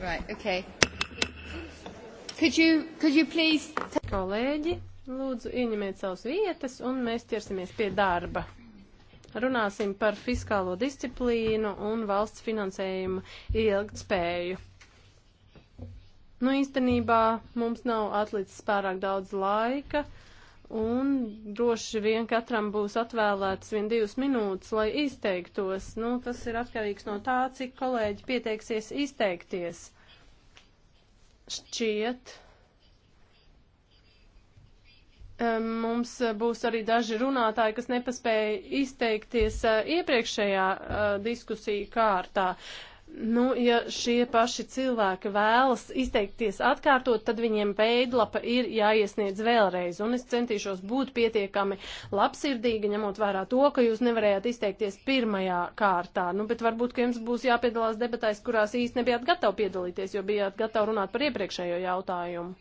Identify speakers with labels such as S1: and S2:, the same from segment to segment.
S1: Right, okay. Could you, could you please... Kolēģi, lūdzu ieņemiet savas vietas un mēs ķersimies pie darba. Runāsim par fiskālo disciplīnu un valsts finansējumu ilgtspēju. Nu, īstenībā mums nav atlicis pārāk daudz laika. Uh, Un droši vien katram būs atvēlēts vien divas minūtes, lai izteiktos. Nu, tas ir atkarīgs no tā, cik kolēģi pieteiksies izteikties. Šķiet. Mums būs arī daži runātāji, kas nepaspēja izteikties eh, iepriekšējā eh, diskusiju kārtā. Uh, Nu, ja šie paši cilvēki vēlas izteikties atkārtot, tad viņiem veidlapa ir jāiesniedz vēlreiz. Un es centīšos būt pietiekami labsirdīgi, ņemot vērā to, ka jūs nevarējāt izteikties pirmajā kārtā. Nu, bet varbūt, ka jums būs jāpiedalās debatēs, kurās īsti nebijāt gatavi piedalīties, jo bijāt gatavi runāt par iepriekšējo jautājumu.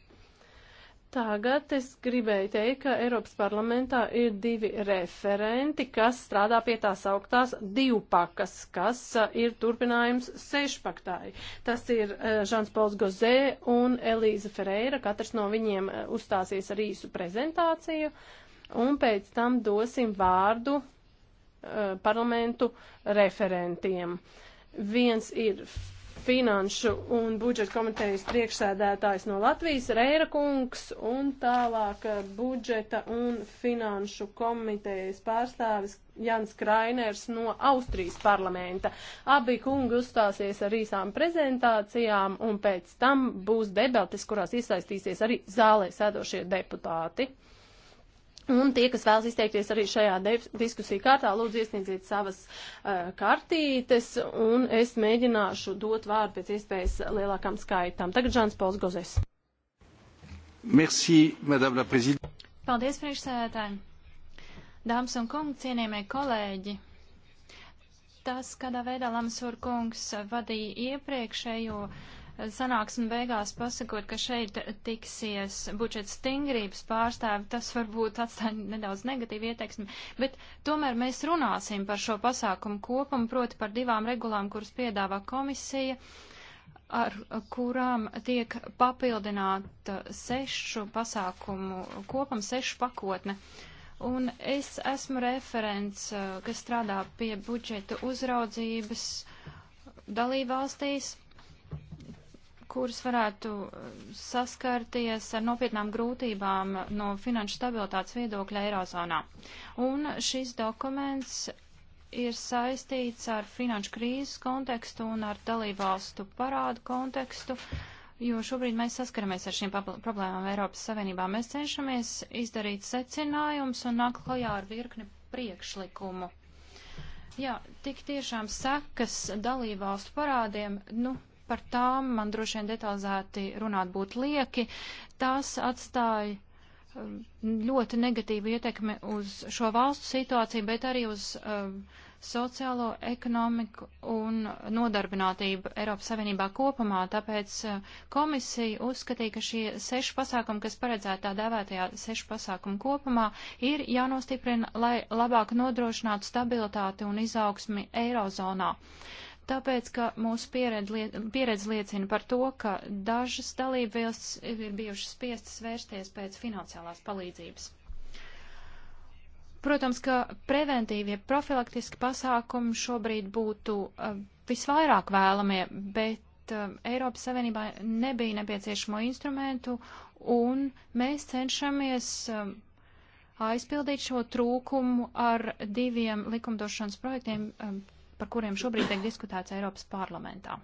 S1: Tagad es gribēju teikt, ka Eiropas parlamentā ir divi referenti, kas strādā pie tās augtās divpakas, kas ir turpinājums sešpaktāji. Tas ir Žans Pols Gozē un Elīza Ferreira. Katrs no viņiem uzstāsies ar īsu prezentāciju. Un pēc tam dosim vārdu parlamentu referentiem. Viens ir finanšu un budžeta komitejas priekšsēdētājs no Latvijas, Reira kungs, un tālāk eh, budžeta un finanšu komitejas pārstāvis Jans Krainers no Austrijas parlamenta. Abi kungi uzstāsies ar īsām prezentācijām, un pēc tam būs debates, kurās iesaistīsies arī zālē sēdošie deputāti. Un tie, kas vēlas izteikties arī šajā diskusiju kārtā, lūdzu iesniedziet savas uh, kartītes, un es mēģināšu dot vārdu pēc iespējas lielākam skaitam. Tagad Žāns Pauls Gozes.
S2: Merci, madame la prezidente.
S1: Paldies, priekšsēdētāji. Dāmas un kungi, cienījamie
S3: kolēģi. Tas, kādā veidā Lamsur kungs vadīja iepriekšējo. Uh, sanāksmi beigās pasakot, ka šeit tiksies budžeta stingrības pārstāvi, tas varbūt atstāja nedaudz negatīvu ieteiksmi, bet tomēr mēs runāsim par šo pasākumu kopumu, proti par divām regulām, kuras piedāvā komisija, ar kurām tiek papildināta sešu pasākumu kopam, sešu pakotne. Un es esmu referents, eh, kas strādā pie budžeta uzraudzības dalībvalstīs kuras varētu eh, saskarties ar nopietnām grūtībām no finanšu stabilitātes viedokļa Eirozonā. Un šis dokuments ir saistīts ar finanšu krīzes kontekstu un ar dalībvalstu parādu kontekstu, jo šobrīd mēs saskaramies ar šīm problēmām Eiropas Savienībā. Mēs cenšamies izdarīt secinājumus un nāk klajā ar virkni priekšlikumu. Jā, tik tiešām sekas dalībvalstu parādiem, nu, par tām man droši vien detalizēti runāt būtu lieki. Tās atstāja um, ļoti negatīvu ietekmi uz šo valstu situāciju, bet arī uz um, sociālo ekonomiku un nodarbinātību Eiropas Savienībā kopumā. Tāpēc uh, komisija uzskatīja, ka šie seši pasākumi, kas paredzēta tā dēvētajā sešu pasākumu kopumā, ir jānostiprina, lai labāk nodrošinātu stabilitāti un izaugsmi Eirozonā. Uh, tāpēc, ka mūsu pieredze liecina par to, ka dažas dalībvalstis ir bijušas spiestas vērsties pēc finansiālās palīdzības. Protams, ka preventīvie profilaktiski pasākumi šobrīd būtu uh, visvairāk vēlamie, bet uh, Eiropas Savienībā nebija nepieciešamo instrumentu, un mēs cenšamies uh, aizpildīt šo trūkumu ar diviem likumdošanas projektiem, um, par kuriem šobrīd tiek diskutēts Eiropas parlamentā.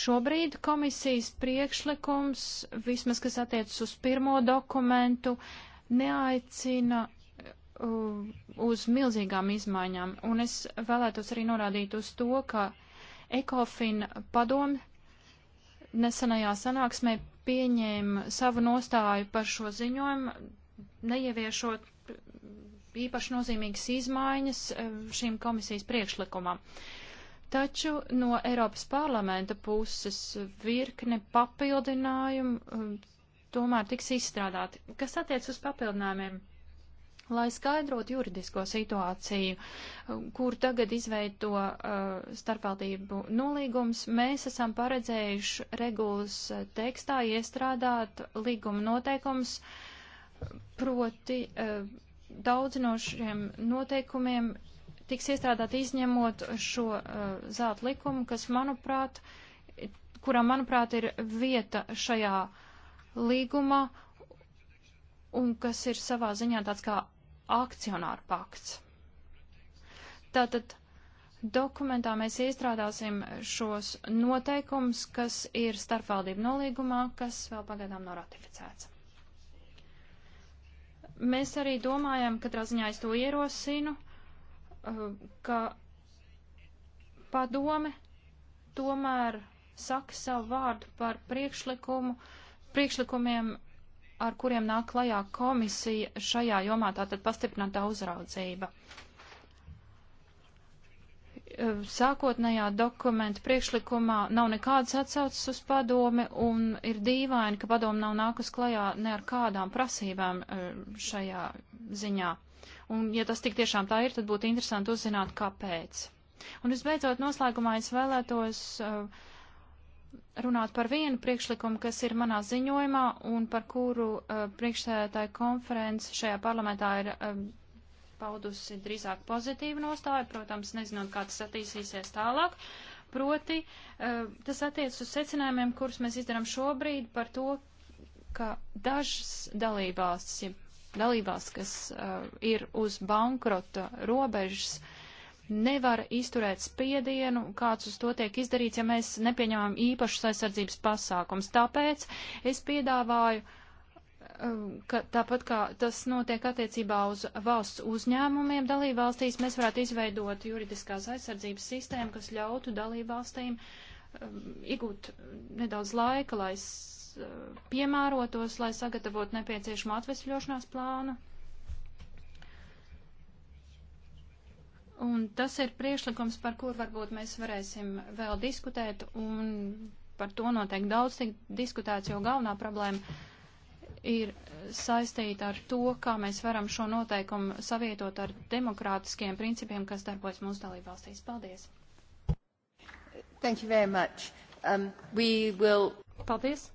S3: Šobrīd komisijas priekšlikums, vismaz kas attiecas uz pirmo dokumentu, neaicina uh, uz milzīgām izmaiņām. Un es vēlētos arī norādīt uz to, ka ECOFIN padomu nesenajā sanāksmē pieņēma savu nostāju par šo ziņojumu, neieviešot īpaši nozīmīgas izmaiņas e, šīm komisijas priekšlikumam. Taču no Eiropas parlamenta puses virkne papildinājumu e, tomēr tiks izstrādāti. Kas attiec uz papildinājumiem? lai skaidrotu juridisko situāciju, e, kur tagad izveido uh, starpvaldību nolīgums, mēs esam paredzējuši regulas tekstā iestrādāt līguma noteikums, proti uh, daudz no šiem noteikumiem tiks iestrādāt izņemot šo uh, zelta likumu, kas, manuprāt, kurā, manuprāt, ir vieta šajā līgumā un kas ir savā ziņā tāds kā akcionāru pakts. Tātad dokumentā mēs iestrādāsim šos noteikumus, kas ir starpvaldību nolīgumā, kas vēl pagaidām nav ratificēts. Mēs arī domājam, katrā ziņā es to ierosinu, eh, ka padome tomēr saka savu vārdu par priekšlikumu, priekšlikumiem, ar kuriem nāk klajā komisija šajā jomā, tātad pastiprinātā uzraudzība. Uh, Eh, sākotnējā dokumenta priekšlikumā nav nekādas atsaucas uz padomi un ir dīvaini, ka padomi nav nākus klajā ne ar kādām prasībām eh, šajā ziņā. Un, ja tas tik tiešām tā ir, tad būtu interesanti uzzināt, kāpēc. Un visbeidzot, noslēgumā es vēlētos uh, runāt par vienu priekšlikumu, kas ir manā ziņojumā un par kuru uh, priekšsēdētāja konferences šajā parlamentā ir uh, paudusi drīzāk pozitīvu nostāju, protams, nezinot, kā tas attīstīsies tālāk. Proti, eh, tas attiec uz secinājumiem, kurus mēs izdarām šobrīd par to, ka dažas dalībās, dalībās kas eh, ir uz bankrota robežas, nevar izturēt spiedienu, kāds uz to tiek izdarīts, ja mēs nepieņemam īpašus aizsardzības pasākums. Tāpēc es piedāvāju uh, Um, ka tāpat kā tas notiek attiecībā uz valsts uzņēmumiem dalībvalstīs, mēs varētu izveidot juridiskās aizsardzības sistēmu, kas ļautu dalībvalstīm um, iegūt nedaudz laika, lai uh, piemērotos, lai sagatavotu nepieciešamo atvesļošanās plānu. Un tas ir priešlikums, par kur varbūt mēs varēsim vēl diskutēt, un par to noteikti daudz tik diskutēts, jo galvenā problēma ir saistīta ar to, kā mēs varam šo noteikumu savietot ar demokrātiskiem principiem, kas darbojas mūsu dalībvalstīs. Paldies!
S1: Thank you very much. Um, we will... Paldies!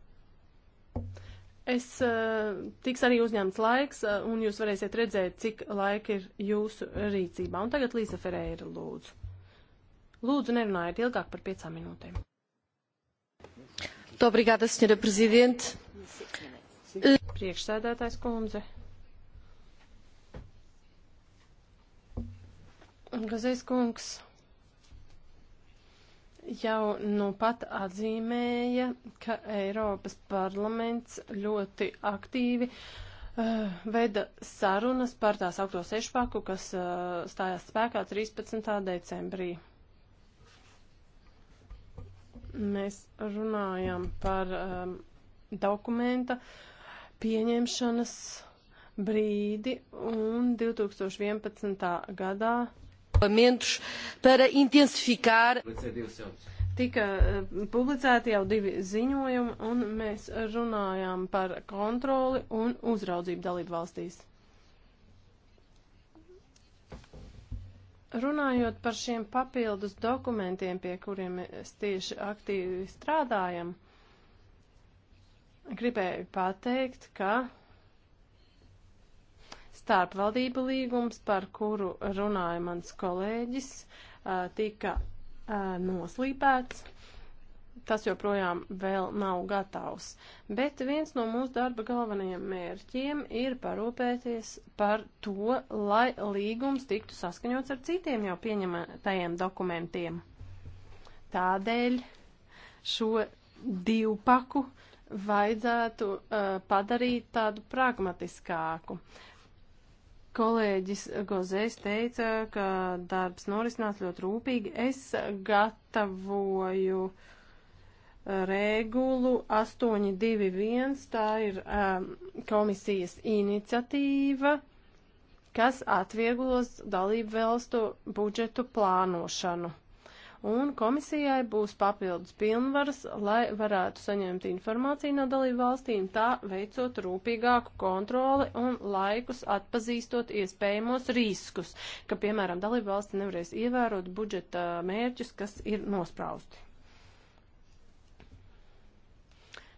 S1: Es uh, tiks arī uzņemts laiks, uh, un jūs varēsiet redzēt, cik laika ir jūsu rīcībā. Un tagad Līza Ferēra lūdzu. Lūdzu, nerunājiet ilgāk par piecām minūtēm.
S3: Dobrīgā, tas ir prezidents.
S1: Priekšsēdētājs kundze. Gazais kungs jau nu pat atzīmēja, ka Eiropas parlaments ļoti aktīvi uh, veda sarunas par tās augto sešpaku, kas uh, stājās spēkā 13. decembrī. Mēs runājam par um, dokumenta uh, pieņemšanas brīdi un 2011. gadā para intensificar. Tika eh, publicēti jau divi ziņojumi, un mēs runājām par kontroli un uzraudzību dalību valstīs. Runājot par šiem papildus dokumentiem, pie kuriem mēs tieši aktīvi strādājam, uh, gribēju pateikt, ka starpvaldību līgums, par kuru runāja mans kolēģis, tika noslīpēts. Tas joprojām vēl nav gatavs, bet viens no mūsu darba galvenajiem mērķiem ir parūpēties par to, lai līgums tiktu saskaņots ar citiem jau pieņemtajiem dokumentiem. Tādēļ šo divpaku uh, vajadzētu uh, padarīt tādu pragmatiskāku. Kolēģis Gozēs teica, ka darbs norisinās ļoti rūpīgi. Es gatavoju eh, regulu 821, tā ir um, komisijas iniciatīva, kas atvieglos dalību valstu budžetu plānošanu un komisijai būs papildus pilnvaras, lai varētu saņemt informāciju no dalību valstīm, tā veicot rūpīgāku kontroli un laikus atpazīstot iespējamos riskus, ka, piemēram, dalību valsts nevarēs ievērot budžeta mērķus, kas ir nosprausti.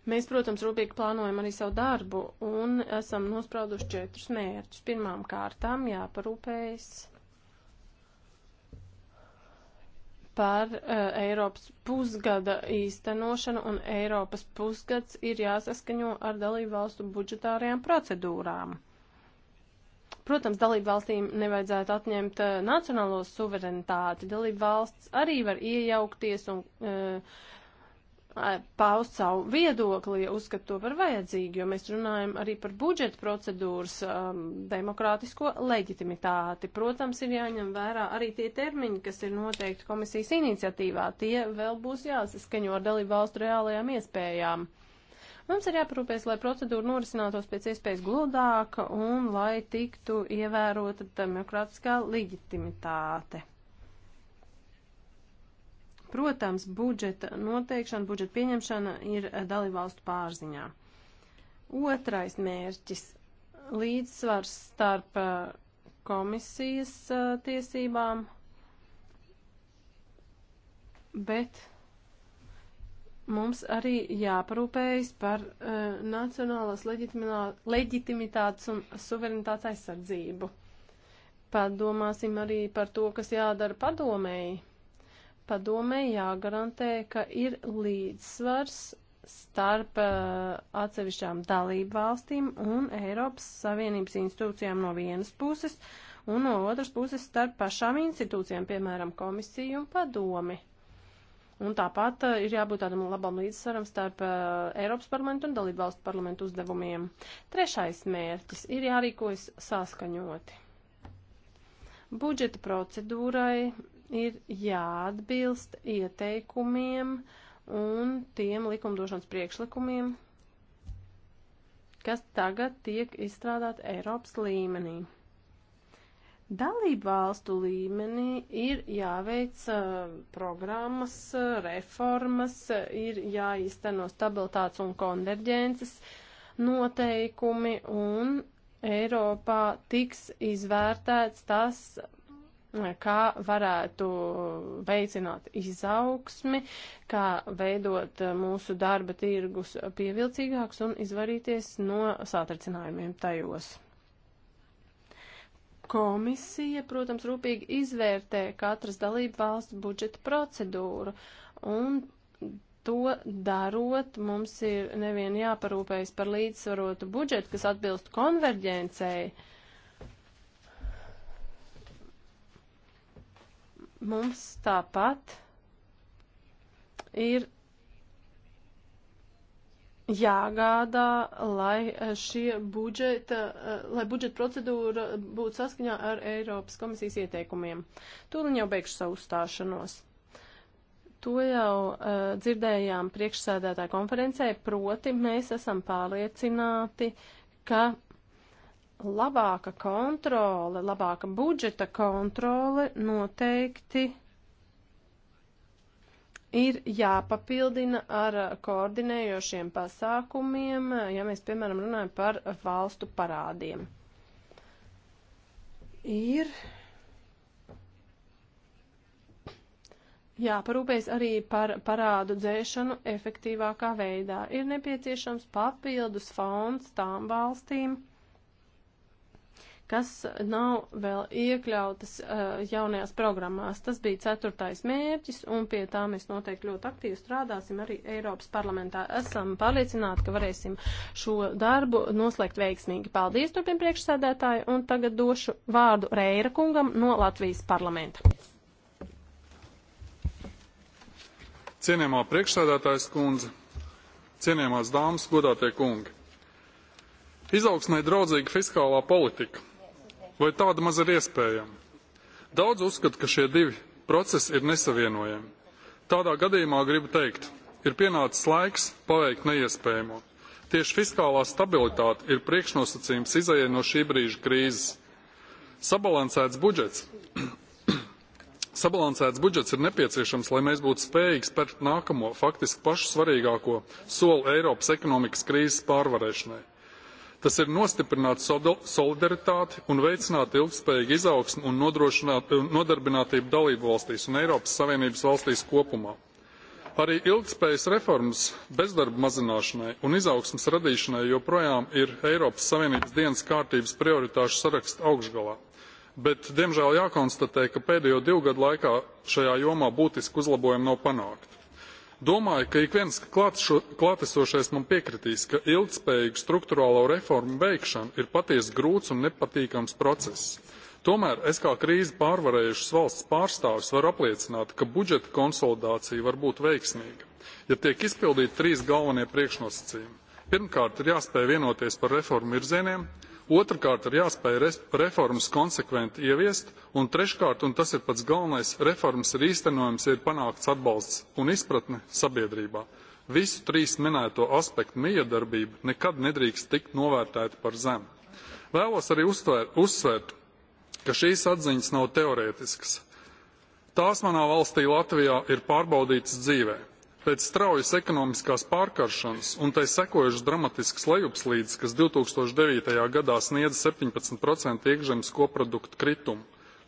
S1: Mēs, protams, rūpīgi plānojam arī savu darbu un esam nosprauduši četrus mērķus. Pirmām kārtām jāparūpējas par uh, Eiropas pusgada īstenošanu, un Eiropas pusgads ir jāsaskaņo ar dalību valstu budžetārajām procedūrām. Protams, dalību valstīm nevajadzētu atņemt uh, nacionālo suverenitāti. Dalību valsts arī var iejaukties un uh, paust savu viedokli, ja uzskat to par vajadzīgu, jo mēs runājam arī par budžeta procedūras um, demokrātisko leģitimitāti. Protams, ir jāņem vērā arī tie termiņi, kas ir noteikti komisijas iniciatīvā. Tie vēl būs jāsaskaņo ar dalību valstu reālajām iespējām. Mums ir jāparūpēs, lai procedūra norisinātos pēc iespējas gludāk un lai tiktu ievērota demokrātiskā leģitimitāte. Protams, budžeta noteikšana, budžeta pieņemšana ir eh, dalībvalstu pārziņā. Otrais mērķis - līdzsvars starp eh, komisijas eh, tiesībām, bet mums arī jāparūpējas par uh, nacionālās leģitimitātes un suverenitātes aizsardzību. Padomāsim arī par to, kas jādara padomēji padomē jāgarantē, ka ir līdzsvars starp uh, atsevišķām dalību valstīm un Eiropas Savienības institūcijām no vienas puses, un no otras puses starp pašām institūcijām, piemēram, komisiju un padomi. Un tāpat uh, ir jābūt tādam labam līdzsvaram starp uh, Eiropas parlamentu un dalību valstu parlamentu uzdevumiem. Trešais mērķis ir jārīkojas saskaņoti. Budžeta procedūrai ir jāatbilst ieteikumiem un tiem likumdošanas priekšlikumiem, kas tagad tiek izstrādāt Eiropas līmenī. Dalību valstu līmenī ir jāveic uh, programmas, uh, reformas, uh, ir jāīsteno stabilitātes un konverģences noteikumi, un Eiropā tiks izvērtēts tas, kā varētu veicināt izaugsmi, kā veidot mūsu darba tirgus pievilcīgāks un izvarīties no sātricinājumiem tajos. Komisija, protams, rūpīgi izvērtē katras dalību valsts budžeta procedūru, un to darot, mums ir nevien jāparūpējas par līdzsvarotu budžetu, kas atbilst konverģencei, uh, Mums tāpat ir jāgādā, lai eh, šie budžeta, eh, lai budžeta procedūra būtu saskaņā ar Eiropas komisijas ieteikumiem. Tūlīt jau beigšu savu stāšanos. To jau uh, dzirdējām priekšsēdētāja konferencē, proti mēs esam pārliecināti, ka labāka kontrole, labāka budžeta kontrole noteikti ir jāpapildina ar koordinējošiem pasākumiem, ja mēs, piemēram, runājam par valstu parādiem. Ir jāparūpējas arī par parādu dzēšanu efektīvākā veidā. Ir nepieciešams papildus fonds tām valstīm, kas nav vēl iekļautas uh, jaunajās programmās. Tas bija ceturtais mērķis, un pie tā mēs noteikti ļoti aktīvi strādāsim arī Eiropas parlamentā. Esam pārliecināti, ka varēsim šo darbu noslēgt veiksmīgi. Paldies, turpin priekšsēdētāji, un tagad došu vārdu Reira kungam no Latvijas parlamenta.
S4: Cienījamā priekšsēdētājas kundze, cienījamās dāmas, godātie kungi! Izaugsmai draudzīga fiskālā politika vai tāda maz ir iespējama. Daudz uzskata, ka šie divi procesi ir nesavienojami. Tādā gadījumā gribu teikt, ir pienācis laiks paveikt neiespējamo. Tieši fiskālā stabilitāte ir priekšnosacījums izējai no šī brīža krīzes. Sabalansēts budžets. Sabalansēts budžets ir nepieciešams, lai mēs būtu spējīgi spērt nākamo, faktiski pašu svarīgāko soli Eiropas ekonomikas krīzes pārvarēšanai. Tas ir nostiprināt solidaritāti un veicināt ilgspējīgu izaugsmu un nodarbinātību dalību valstīs un Eiropas Savienības valstīs kopumā. Arī ilgspējas reformas bezdarba mazināšanai un izaugsmas radīšanai joprojām ir Eiropas Savienības dienas kārtības prioritāšu saraksta augšgalā bet diemžēl jākonstatē, ka pēdējo divu gadu laikā šajā jomā būtiski uzlabojumi nav panākti. Domāju, ka ik viens klātesošais man piekritīs, ka ilgspējīgu struktūrālo reformu veikšana ir patiesi grūts un nepatīkams process. Tomēr es kā krīzi pārvarējušas valsts pārstāvis varu apliecināt, ka budžeta konsolidācija var būt veiksmīga, ja tiek izpildīti trīs galvenie priekšnosacījumi. Pirmkārt, ir jāspēj vienoties par reformu virzieniem, otrkārt ir jāspēj reformas konsekventi ieviest, un treškārt, un tas ir pats galvenais, reformas ir īstenojums, ir panākts atbalsts un izpratne sabiedrībā. Visu trīs minēto aspektu miedarbība nekad nedrīkst tikt novērtēta par zemu. Vēlos arī uztvēr, uzsvērt, ka šīs atziņas nav teorētiskas. Tās manā valstī Latvijā ir pārbaudītas dzīvē Pēc straujas ekonomiskās pārkaršanas un tai sekojušas dramatiskas lejupslīdes, kas 2009. gadā sniedza 17% iekšzemes koprodukta kritumu,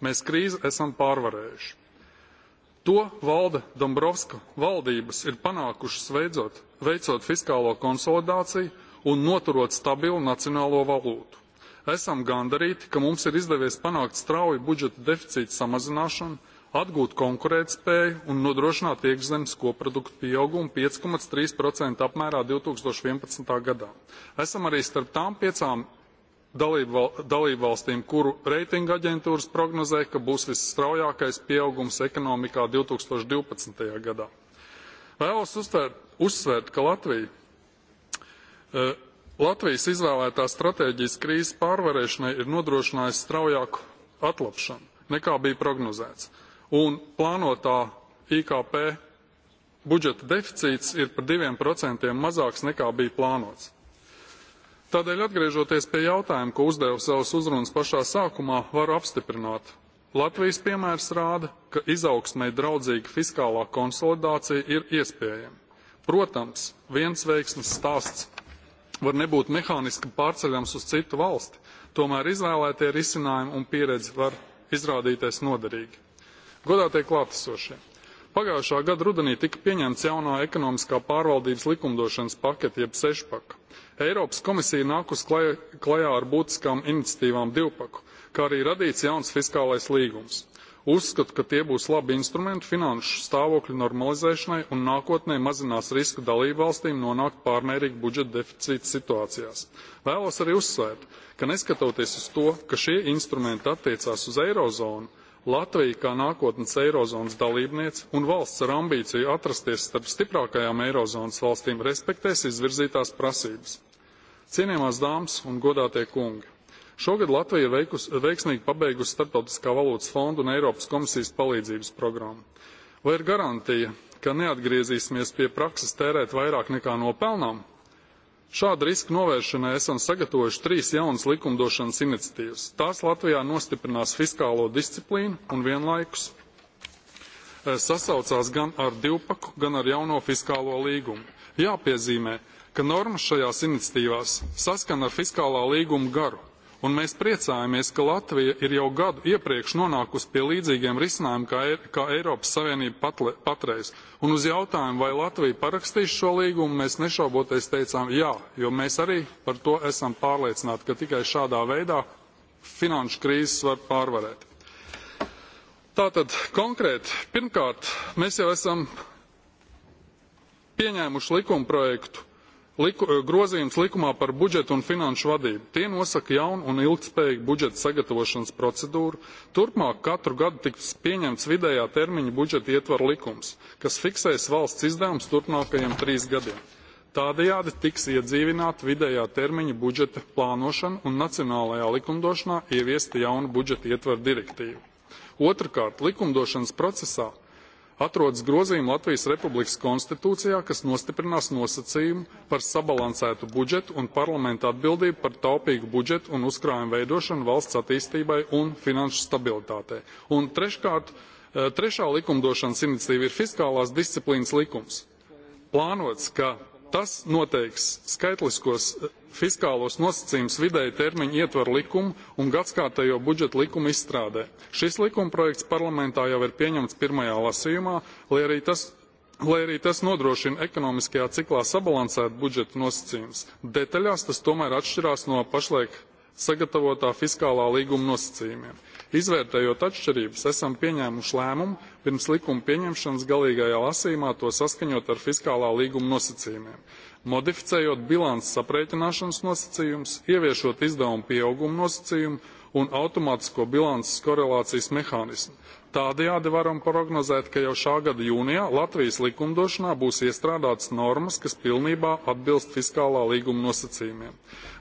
S4: mēs krīzi esam pārvarējuši. To valde Dombrovska valdības ir panākušas veidzot, veicot fiskālo konsolidāciju un noturot stabilu nacionālo valūtu. Esam gandarīti, ka mums ir izdevies panākt strauju budžeta deficīta samazināšanu, atgūt konkurētspēju un nodrošināt iekšzemes koproduktu pieaugumu 5,3% apmērā 2011. gadā. Esam arī starp tām piecām dalībvalstīm, kuru reitinga aģentūras prognozē, ka būs visstraujākais pieaugums ekonomikā 2012. gadā. Vēlos uztvērt, uzsvērt, ka Latvija uh, Latvijas izvēlētā stratēģijas krīzes pārvarēšanai ir nodrošinājusi straujāku atlapšanu nekā bija prognozēts un plānotā IKP budžeta deficīts ir par 2% mazāks nekā bija plānots. Tādēļ, atgriežoties pie jautājuma, ko uzdevu savas uzrunas pašā sākumā, varu apstiprināt. Latvijas piemērs rāda, ka izaugsmai draudzīga fiskālā konsolidācija ir iespējama. Protams, viens veiksmes stāsts var nebūt mehāniski pārceļams uz citu valsti, tomēr izvēlētie risinājumi un pieredze var izrādīties noderīgi. Godātie klātesošie! Pagājušā gada rudenī tika pieņemts jauno ekonomiskā pārvaldības likumdošanas paketi, jeb sešpaka. Eiropas komisija nākus klajā, klajā ar būtiskām iniciatīvām divpaku, kā arī radīts jauns fiskālais līgums. Uzskatu, ka tie būs labi instrumenti finanšu stāvokļu normalizēšanai un nākotnē mazinās risku dalību valstīm nonākt pārmērīgi budžeta deficīta situācijās. Vēlos arī uzsvērt, ka neskatoties uz to, ka šie instrumenti attiecās uz eirozonu, Latvija, kā nākotnes eirozonas dalībniece un valsts ar ambīciju atrasties starp stiprākajām eirozonas valstīm, respektēs izvirzītās prasības. Cienījamās dāmas un godātie kungi! Šogad Latvija veikus, veiksmīgi pabeigusi Startautiskā valūtas fonda un Eiropas komisijas palīdzības programmu. Vai ir garantija, ka neatgriezīsimies pie prakses tērēt vairāk nekā nopelnām? Šāda riska novēršanai esam sagatavojuši trīs jaunas likumdošanas iniciatīvas. Tās Latvijā nostiprinās fiskālo disciplīnu un vienlaikus eh, sasaucās gan ar divpaku, gan ar jauno fiskālo līgumu. Jāpiezīmē, ka normas šajās iniciatīvās saskana ar fiskālā līguma garu, un mēs priecājamies, ka Latvija ir jau gadu iepriekš nonākusi pie līdzīgiem risinājumiem kā, e kā Eiropas Savienība patle, patreiz. Un uz jautājumu, vai Latvija parakstīs šo līgumu, mēs nešauboties teicām jā, jo mēs arī par to esam pārliecināti, ka tikai šādā veidā finanšu krīzes var pārvarēt. Tātad konkrēti, pirmkārt, mēs jau esam pieņēmuši likumprojektu Liku, eh, grozījums likumā par budžetu un finanšu vadību. Tie nosaka jaunu un ilgspējīgu budžeta sagatavošanas procedūru. Turpmāk katru gadu tiks pieņemts vidējā termiņa budžeta ietvaru likums, kas fiksēs valsts izdevumus turpmākajiem trīs gadiem. Tādējādi tiks iedzīvināta vidējā termiņa budžeta plānošana un nacionālajā likumdošanā ieviesta jauna budžeta ietvara direktīva. Otrakārt, likumdošanas procesā atrodas grozījumi Latvijas Republikas konstitūcijā, kas nostiprinās nosacījumu par sabalansētu budžetu un parlamenta atbildību par taupīgu budžetu un uzkrājumu veidošanu valsts attīstībai un finanšu stabilitātei. Un treškārt, eh, trešā likumdošanas iniciatīva ir fiskālās disciplīnas likums. Plānots, ka tas noteiks skaitliskos fiskālos nosacījumus vidēja termiņa ietver likumu un gadskārtējo budžeta likumu izstrādē. Šis likumprojekts parlamentā jau ir pieņemts pirmajā lasījumā, lai arī tas Lai arī tas nodrošina ekonomiskajā ciklā sabalansētu budžeta nosacījumus, detaļās tas tomēr atšķirās no pašlaik sagatavotā fiskālā līguma nosacījumiem. Izvērtējot atšķirības, esam pieņēmuši lēmumu pirms likuma pieņemšanas galīgajā lasījumā to saskaņot ar fiskālā līguma nosacījumiem modificējot bilances aprēķināšanas nosacījumus, ieviešot izdevumu pieauguma nosacījumu un automātisko bilances korelācijas mehānismu. Tādējādi varam prognozēt, ka jau šā gada jūnijā Latvijas likumdošanā būs iestrādātas normas, kas pilnībā atbilst fiskālā līguma nosacījumiem.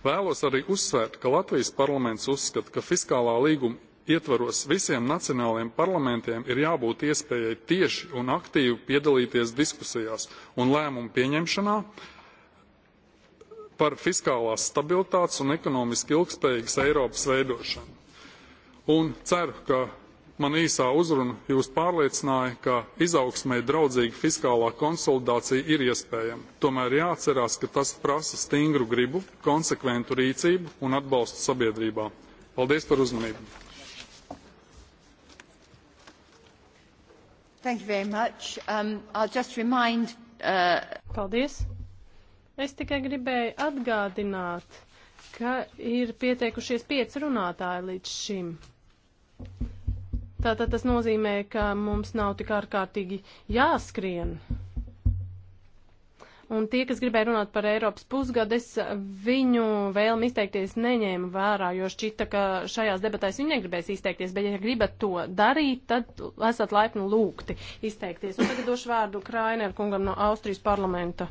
S4: Vēlos arī uzsvērt, ka Latvijas parlaments uzskata, ka fiskālā līguma ietvaros visiem nacionālajiem parlamentiem ir jābūt iespējai tieši un aktīvi piedalīties diskusijās un lēmumu pieņemšanā, par fiskālās stabilitātes un ekonomiski ilgspējīgas Eiropas veidošanu. Un ceru, ka man īsā uzruna jūs pārliecināja, ka izaugsmē draudzīga fiskālā konsolidācija ir iespējama. Tomēr jāatcerās, ka tas prasa stingru gribu, konsekventu rīcību un atbalstu sabiedrībā. Paldies par uzmanību!
S3: Thank you very much. Um,
S1: I'll just remind. Uh... Paldies. Es tikai gribēju atgādināt, ka ir pieteikušies pieci runātāji līdz šim. Tātad tas nozīmē, ka mums nav tik ārkārtīgi jāskrien. Un tie, kas gribēja runāt par Eiropas pusgades, viņu vēlmi izteikties neņēma vērā, jo šķita, ka šajās debatēs viņi negribēs izteikties, bet ja gribat to darīt, tad esat laipni lūgti izteikties. Un tagad došu vārdu Krainer kungam no Austrijas parlamenta.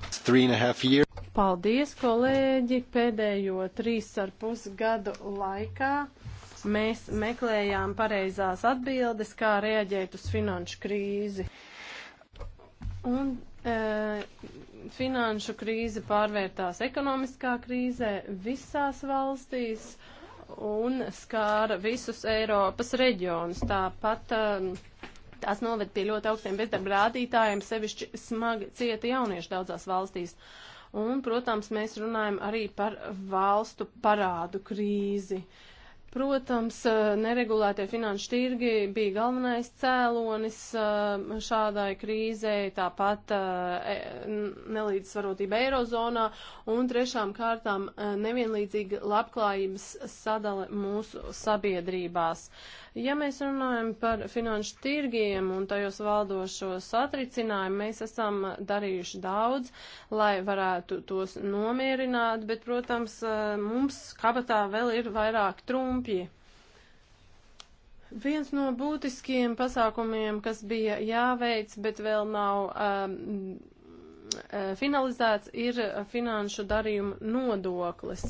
S1: Paldies, kolēģi, pēdējo trīs ar pusgadu laikā. Mēs meklējām pareizās atbildes, kā reaģēt uz finanšu krīzi. Un, e, finanšu krīze pārvērtās ekonomiskā krīzē visās valstīs un skāra visus Eiropas reģionus. Tāpat um, tās noved pie ļoti augstiem bezdarba rādītājiem, sevišķi smagi cieta jaunieši daudzās valstīs. Un, protams, mēs runājam arī par valstu parādu krīzi. Uh, Protams, eh, neregulētie finanšu tirgi bija galvenais cēlonis eh, šādai krīzei, tāpat eh, e, nelīdzsvarotība eirozonā un trešām kārtām nevienlīdzīga labklājības sadale mūsu sabiedrībās. Uh, Ja mēs runājam par finanšu tirgiem un tajos valdošo satricinājumu, mēs esam darījuši daudz, lai varētu tos nomierināt, bet, protams, eh, mums kabatā vēl ir vairāk trumpji. Viens no būtiskiem pasākumiem, kas bija jāveic, bet vēl nav um, finalizēts, ir finanšu darījuma nodoklis.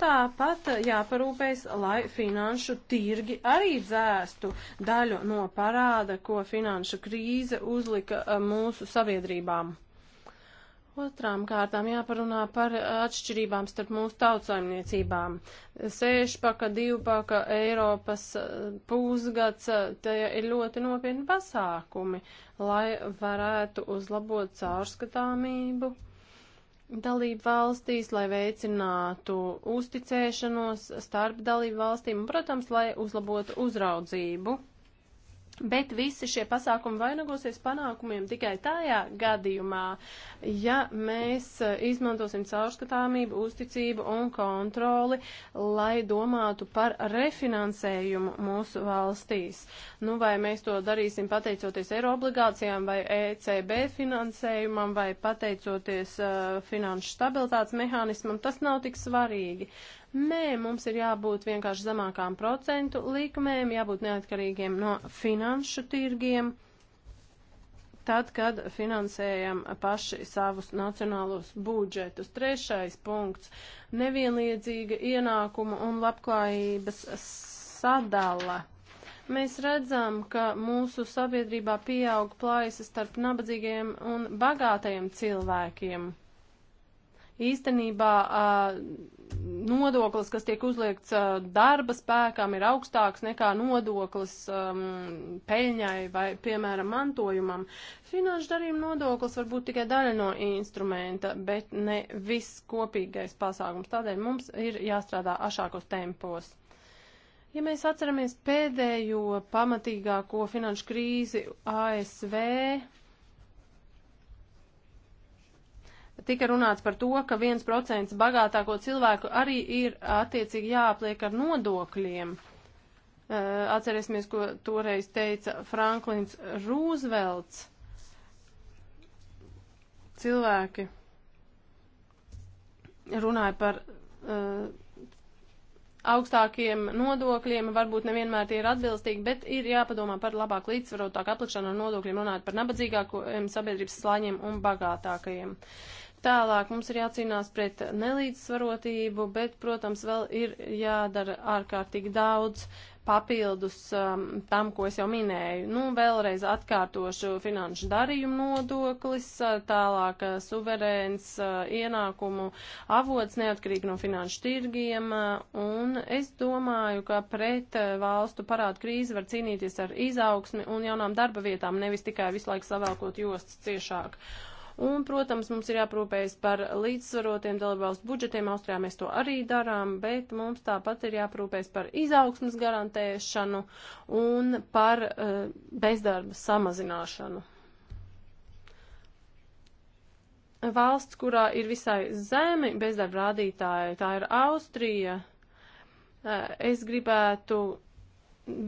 S1: Tāpat jāparūpējas, lai finanšu tirgi arī dzēstu daļu no parāda, ko finanšu krīze uzlika eh, mūsu sabiedrībām. Otrām kārtām jāparunā par eh, atšķirībām starp mūsu tautsaimniecībām. Sēžpaka, divpaka, Eiropas eh, pusgads, tie ir ļoti nopietni pasākumi, lai varētu uzlabot caurskatāmību dalību valstīs, lai veicinātu uzticēšanos starp dalību valstīm un, protams, lai uzlabotu uzraudzību. Bet visi šie pasākumi vainagosies panākumiem tikai tajā gadījumā, ja mēs e, izmantosim caurskatāmību, uzticību un kontroli, lai domātu par refinansējumu mūsu valstīs. Nu, vai mēs to darīsim pateicoties eiro obligācijām vai ECB finansējumam vai pateicoties uh, finanšu stabilitātes mehānismam, tas nav tik svarīgi. Nē, mums ir jābūt vienkārši zemākām procentu likmēm, jābūt neatkarīgiem no finanšu tirgiem, tad, kad finansējam paši savus nacionālos budžetus. Trešais punkts - nevienlīdzīga ienākumu un labklājības sadala mēs redzam, ka mūsu sabiedrībā pieaug plaisas starp nabadzīgiem un bagātajiem cilvēkiem. Īstenībā nodoklis, kas tiek uzliekts darba spēkām, ir augstāks nekā nodoklis um, peļņai vai, piemēram, mantojumam. Finanšu darījuma nodoklis var būt tikai daļa no instrumenta, bet ne viss kopīgais pasākums. Tādēļ mums ir jāstrādā ašākos tempos. Ja mēs atceramies pēdējo pamatīgāko finanšu krīzi ASV, tika runāts par to, ka 1% bagātāko cilvēku arī ir attiecīgi jāapliek ar nodokļiem. Uh, atcerēsimies, ko toreiz teica Franklins Rūzvelts. Cilvēki runāja par uh, augstākiem nodokļiem, varbūt nevienmēr tie ir atbilstīgi, bet ir jāpadomā par labāk līdzsvarotāku aplikšanu ar nodokļiem, runājot par nabadzīgākajiem sabiedrības slāņiem un bagātākajiem. Uh, Tālāk mums ir jācīnās pret nelīdzsvarotību, bet, protams, vēl ir jādara ārkārtīgi daudz papildus um, tam, ko es jau minēju. Nu, vēlreiz atkārtošu finanšu darījumu nodoklis, uh, tālāk uh, suverēns uh, ienākumu avots neatkarīgi no finanšu tirgiem, uh, un es domāju, ka pret valstu parādu krīzi var cīnīties ar izaugsmi un jaunām darba vietām, nevis tikai visu laiku savēlkot jostas ciešāk. Uh, Un, protams, mums ir jāprūpējas par līdzsvarotiem dalībvalstu budžetiem. Austrijā mēs to arī darām, bet mums tāpat ir jāprūpējas par izaugsmas garantēšanu un par uh, bezdarba samazināšanu valsts, kurā ir visai zemi bezdarba rādītāji, tā ir Austrija. Eh, es gribētu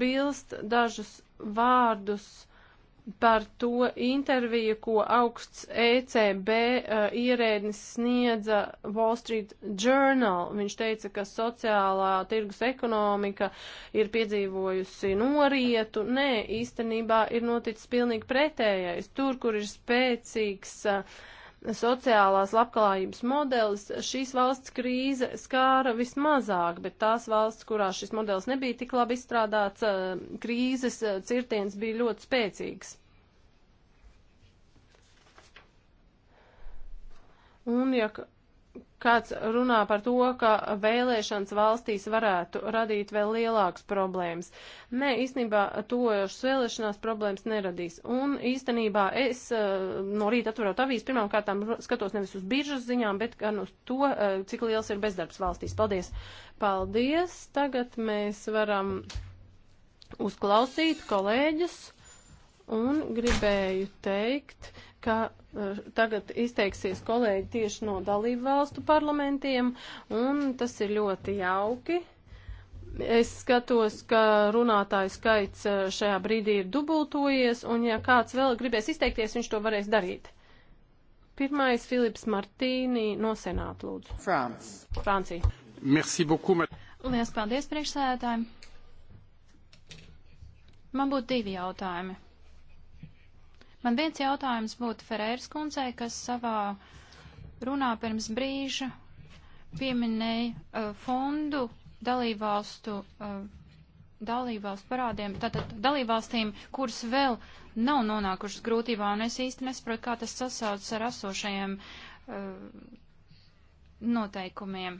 S1: bilst dažus vārdus par to interviju, ko augsts ECB uh, ierēdnis sniedza Wall Street Journal. Viņš teica, ka sociālā tirgus ekonomika ir piedzīvojusi norietu. Nē, īstenībā ir noticis pilnīgi pretējais. Tur, kur ir spēcīgs uh, sociālās labklājības modelis, šīs valsts krīze skāra vismazāk, bet tās valsts, kurās šis modelis nebija tik labi izstrādāts, eh, krīzes eh, cirtiens bija ļoti spēcīgs. Un, ja Kāds runā par to, ka vēlēšanas valstīs varētu radīt vēl lielākas problēmas. Nē, īstenībā tojošas vēlēšanās problēmas neradīs. Un īstenībā es eh, no rīta atverot avīzes, pirmām kārtām skatos nevis uz biržas ziņām, bet gan uz to, eh, cik liels ir bezdarbs valstīs. Paldies! Paldies! Tagad mēs varam uzklausīt kolēģus un gribēju teikt, ka Eh, tagad izteiksies kolēģi tieši no dalību valstu parlamentiem, un tas ir ļoti jauki. Es skatos, ka runātāju skaits eh, šajā brīdī ir dubultojies, un ja kāds vēl gribēs izteikties, viņš to varēs darīt. Pirmais Filips Martīni no Senāta lūdzu. France. Francija.
S4: Merci beaucoup.
S1: Lielas paldies priekšsēdētājiem.
S3: Man būtu divi jautājumi. Man viens jautājums būtu Ferēras kundzei, kas savā runā pirms brīža pieminēja uh, fondu dalībvalstu, uh, dalībvalstu parādiem, tātad dalībvalstīm, kuras vēl nav nonākušas grūtībā, un es īsti nesaprotu, kā tas sasaucas ar esošajiem uh, noteikumiem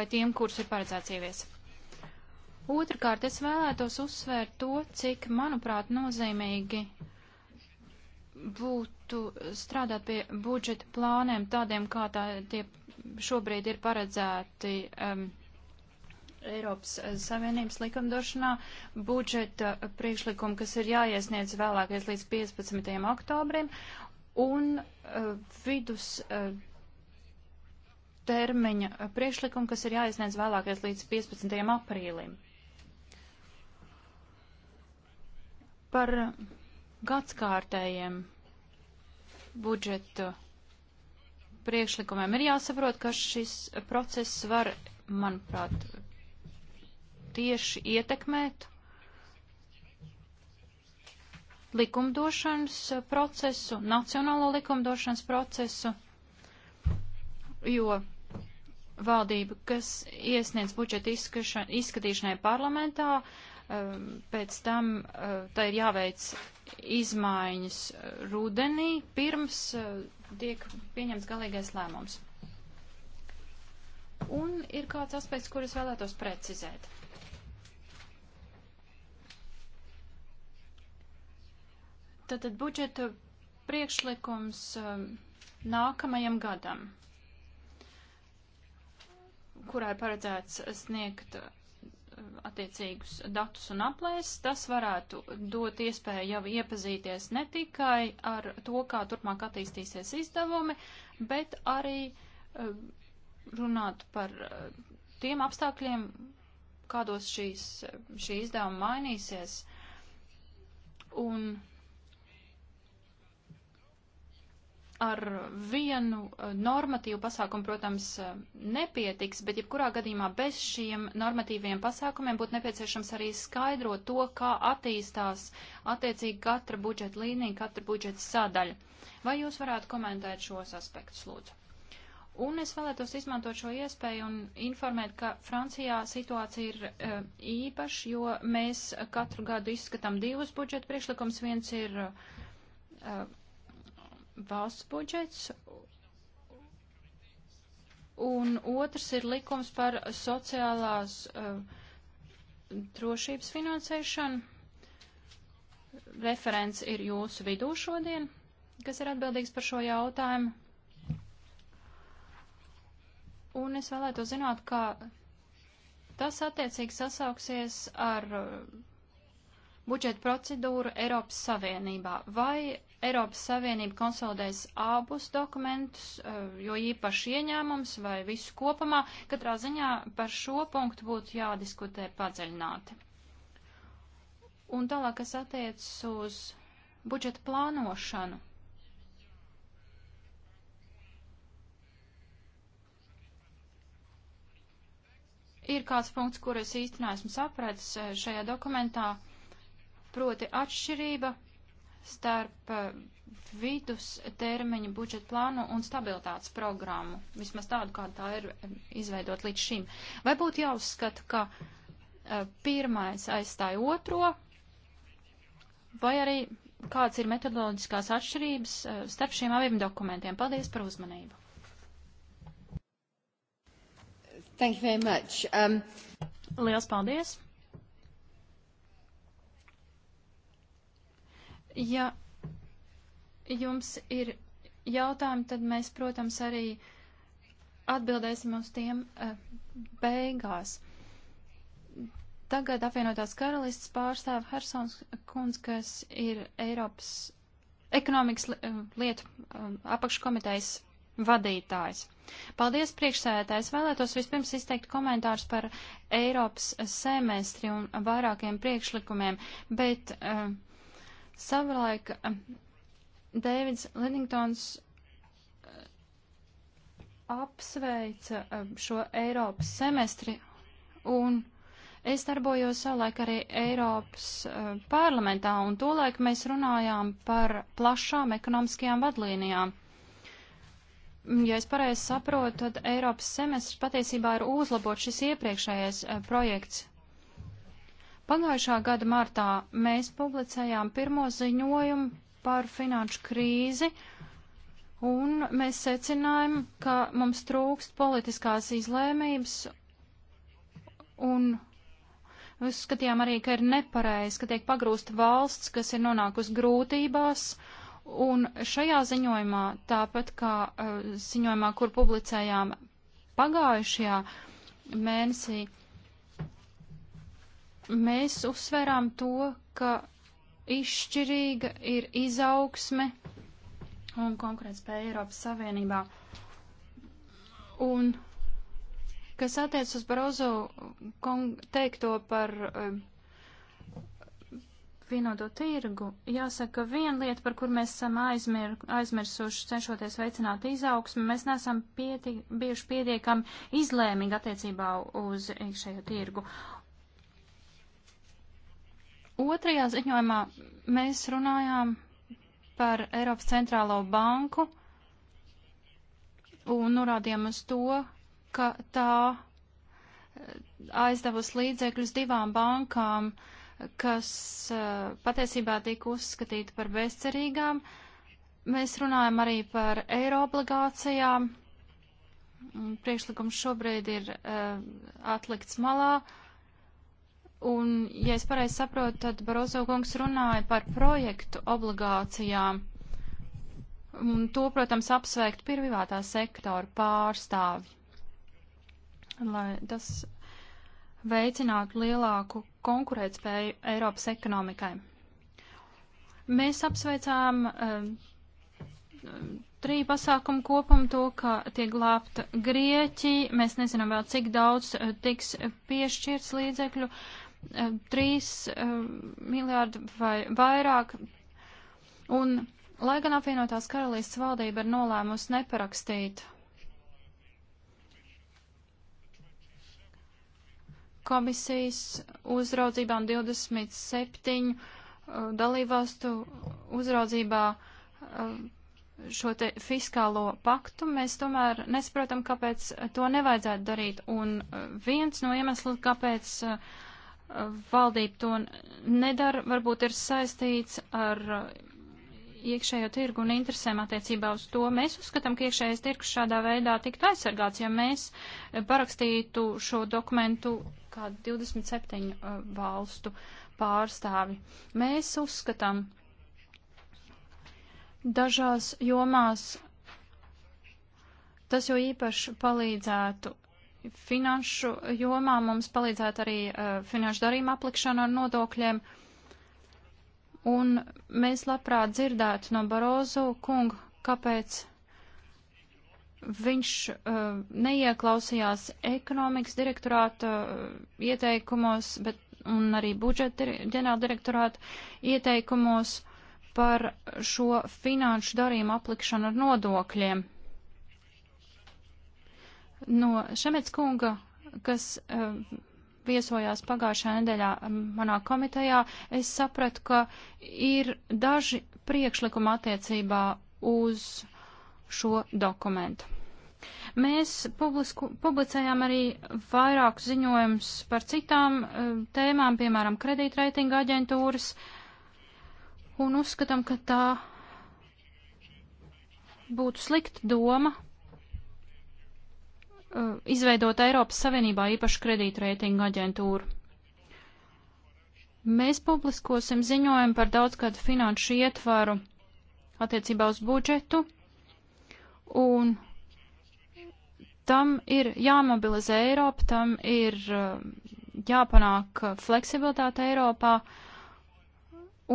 S3: vai tiem, kurus ir paredzēts ievies. Otrakārt, es vēlētos uzsvērt to, cik, manuprāt, nozīmīgi būtu strādāt pie budžeta plāniem tādiem, kā tā, tie šobrīd ir paredzēti um, Eiropas Savienības likumdošanā, budžeta priekšlikumi, kas ir jāiesniedz vēlākais līdz 15. oktobrim, un uh, vidus. Uh, termiņa priekšlikumu, kas ir jāiesniedz vēlākais līdz 15. aprīlim. Par uh, gadskārtējiem budžetu priekšlikumiem ir jāsaprot, ka šis process var, manuprāt, tieši ietekmēt likumdošanas procesu, nacionālo likumdošanas procesu, jo valdība, kas iesniedz budžeta izskatīšanai parlamentā, uh, Ehm, pēc tam eh, tā ir jāveic izmaiņas rudenī, pirms eh, tiek pieņemts galīgais lēmums. Un ir kāds aspekts, kurus vēlētos precizēt. Tātad budžeta priekšlikums ehm, nākamajam gadam, kurā ir paredzēts sniegt attiecīgus datus un aplēs, tas varētu dot iespēju jau iepazīties ne tikai ar to, kā turpmāk attīstīsies izdevumi, bet arī eh, runāt par eh, tiem apstākļiem, kādos šīs, eh, šī izdevuma mainīsies. Un ar vienu eh, normatīvu pasākumu, protams, eh, nepietiks, bet jebkurā gadījumā bez šiem normatīviem pasākumiem būtu nepieciešams arī skaidrot to, kā attīstās attiecīgi katra budžeta līnija, katra budžeta sadaļa. Vai jūs varētu komentēt šos aspektus, lūdzu? Un es vēlētos izmantot šo iespēju un informēt, ka Francijā situācija ir e, īpaša, jo mēs katru gadu izskatām divus budžeta priekšlikums. Viens ir e, valsts budžets, un otrs ir likums par sociālās uh, drošības finansēšanu. Referents ir jūsu vidū šodien, kas ir atbildīgs par šo jautājumu. Un es vēlētos zināt, kā tas attiecīgi sasauksies ar uh, budžeta procedūru Eiropas Savienībā. Vai Eiropas Savienība konsolidēs abus dokumentus, eh, jo īpaši ieņēmums vai visu kopumā, katrā ziņā par šo punktu būtu jādiskutē padziļināti. Un tālāk, kas attiecas uz budžeta plānošanu. Ir kāds punkts, kur es īstenībā esmu sapratis eh, šajā dokumentā, proti atšķirība starp eh, vidustermiņa budžeta plānu un stabilitātes programmu, vismaz tādu, kā tā ir eh, izveidot līdz šim. Vai būtu jāuzskata, ka eh, pirmais aizstāja otro, vai arī kāds ir metodoloģiskās atšķirības starp šiem abiem dokumentiem? Paldies par uzmanību. Thank you very much. Um... Liels paldies. Ja jums ir jautājumi, tad mēs, protams, arī atbildēsim uz tiem uh, beigās. Tagad apvienotās karalists pārstāv Hersons Kunz, kas ir Eiropas ekonomikas eh, lietu um, apakškomitejas vadītājs. Paldies, priekšsēdētājs. Vēlētos vispirms izteikt komentārus par Eiropas semestri un vairākiem priekšlikumiem, bet uh, Savulaik eh, Dēvids Lidingtons eh, apsveica eh, šo Eiropas semestri un es darbojos savulaik arī Eiropas parlamentā un tolaik mēs runājām par plašām ekonomiskajām vadlīnijām. Ja es pareizi saprotu, tad Eiropas semestrs patiesībā ir uzlabot šis iepriekšējais projekts, Pagājušā gada martā mēs publicējām pirmo ziņojumu par finanšu krīzi, un mēs secinājām, ka mums trūkst politiskās izlēmības, un uzskatījām arī, ka ir nepareizi, ka tiek pagrūsta valsts, kas ir nonākusi grūtībās, un šajā ziņojumā, tāpat kā uh, ziņojumā, kur publicējām pagājušajā mēnesī, uh, mēs uzsverām to, ka izšķirīga ir izaugsme un konkurētspēja Eiropas Savienībā. Un kas attiec uz Barozo teikto par eh, vienoto tirgu, jāsaka, viena lieta, par kur mēs esam aizmir, aizmirsuši, cenšoties veicināt izaugsmi, mēs neesam pieti, bijuši pietiekami izlēmīgi attiecībā uz iekšējo tirgu. Otrajā ziņojumā mēs runājām par Eiropas centrālo banku un norādījām uz to, ka tā eh, aizdevus līdzekļus divām bankām, kas eh, patiesībā tika uzskatīta par bezcerīgām. Mēs runājam arī par eiro obligācijām. Priekšlikums šobrīd ir eh, atlikts malā. Uh, Un, ja es pareizi saprotu, tad Barozo kungs runāja par projektu obligācijām. Un to, protams, apsveikt privātā sektora pārstāvi, lai tas veicinātu lielāku konkurētspēju Eiropas ekonomikai. Mēs apsveicām um, triju pasākumu kopumu to, ka tiek glābta Grieķija. Mēs nezinām vēl, cik daudz uh, tiks piešķirts līdzekļu. Uh, 3 eh, eh, miljārdi vai vairāk. Un, lai gan apvienotās karalīsts valdība ir nolēmusi neparakstīt komisijas uzraudzībām 27 eh, dalībvalstu uzraudzībā šo te fiskālo paktu, mēs tomēr nesaprotam, kāpēc to nevajadzētu darīt. Un viens no iemeslu, kāpēc uh, valdība to nedara, varbūt ir saistīts ar uh, iekšējo tirgu un interesēm attiecībā uz to. Mēs uzskatām, ka iekšējais tirgus šādā veidā tiktu aizsargāts, ja mēs parakstītu šo dokumentu kā 27 uh, valstu pārstāvi. Mēs uzskatām, dažās jomās tas jau īpaši palīdzētu finanšu jomā mums palīdzētu arī uh, finanšu darījumu aplikšanu ar nodokļiem. Un mēs labprāt dzirdētu no Barozu kungu, kāpēc viņš uh, neieklausījās ekonomikas direktorāta uh, ieteikumos, bet un arī budžeta ģenerāldirektorāta ieteikumos par šo finanšu darījumu aplikšanu ar nodokļiem. No Šemets kunga, kas eh, viesojās pagājušajā nedēļā manā komitejā, es sapratu, ka ir daži priekšlikumi attiecībā uz šo dokumentu. Mēs publisku, publicējām arī vairākus ziņojumus par citām eh, tēmām, piemēram, kredītreitinga aģentūras, un uzskatām, ka tā būtu slikta doma Uh, izveidot Eiropas Savienībā īpašu kredītreitingu aģentūru. Mēs publiskosim ziņojumu par daudzgadu finanšu ietvaru attiecībā uz budžetu, un tam ir jāmobilizē Eiropa, tam ir uh, jāpanāk fleksibilitāte Eiropā,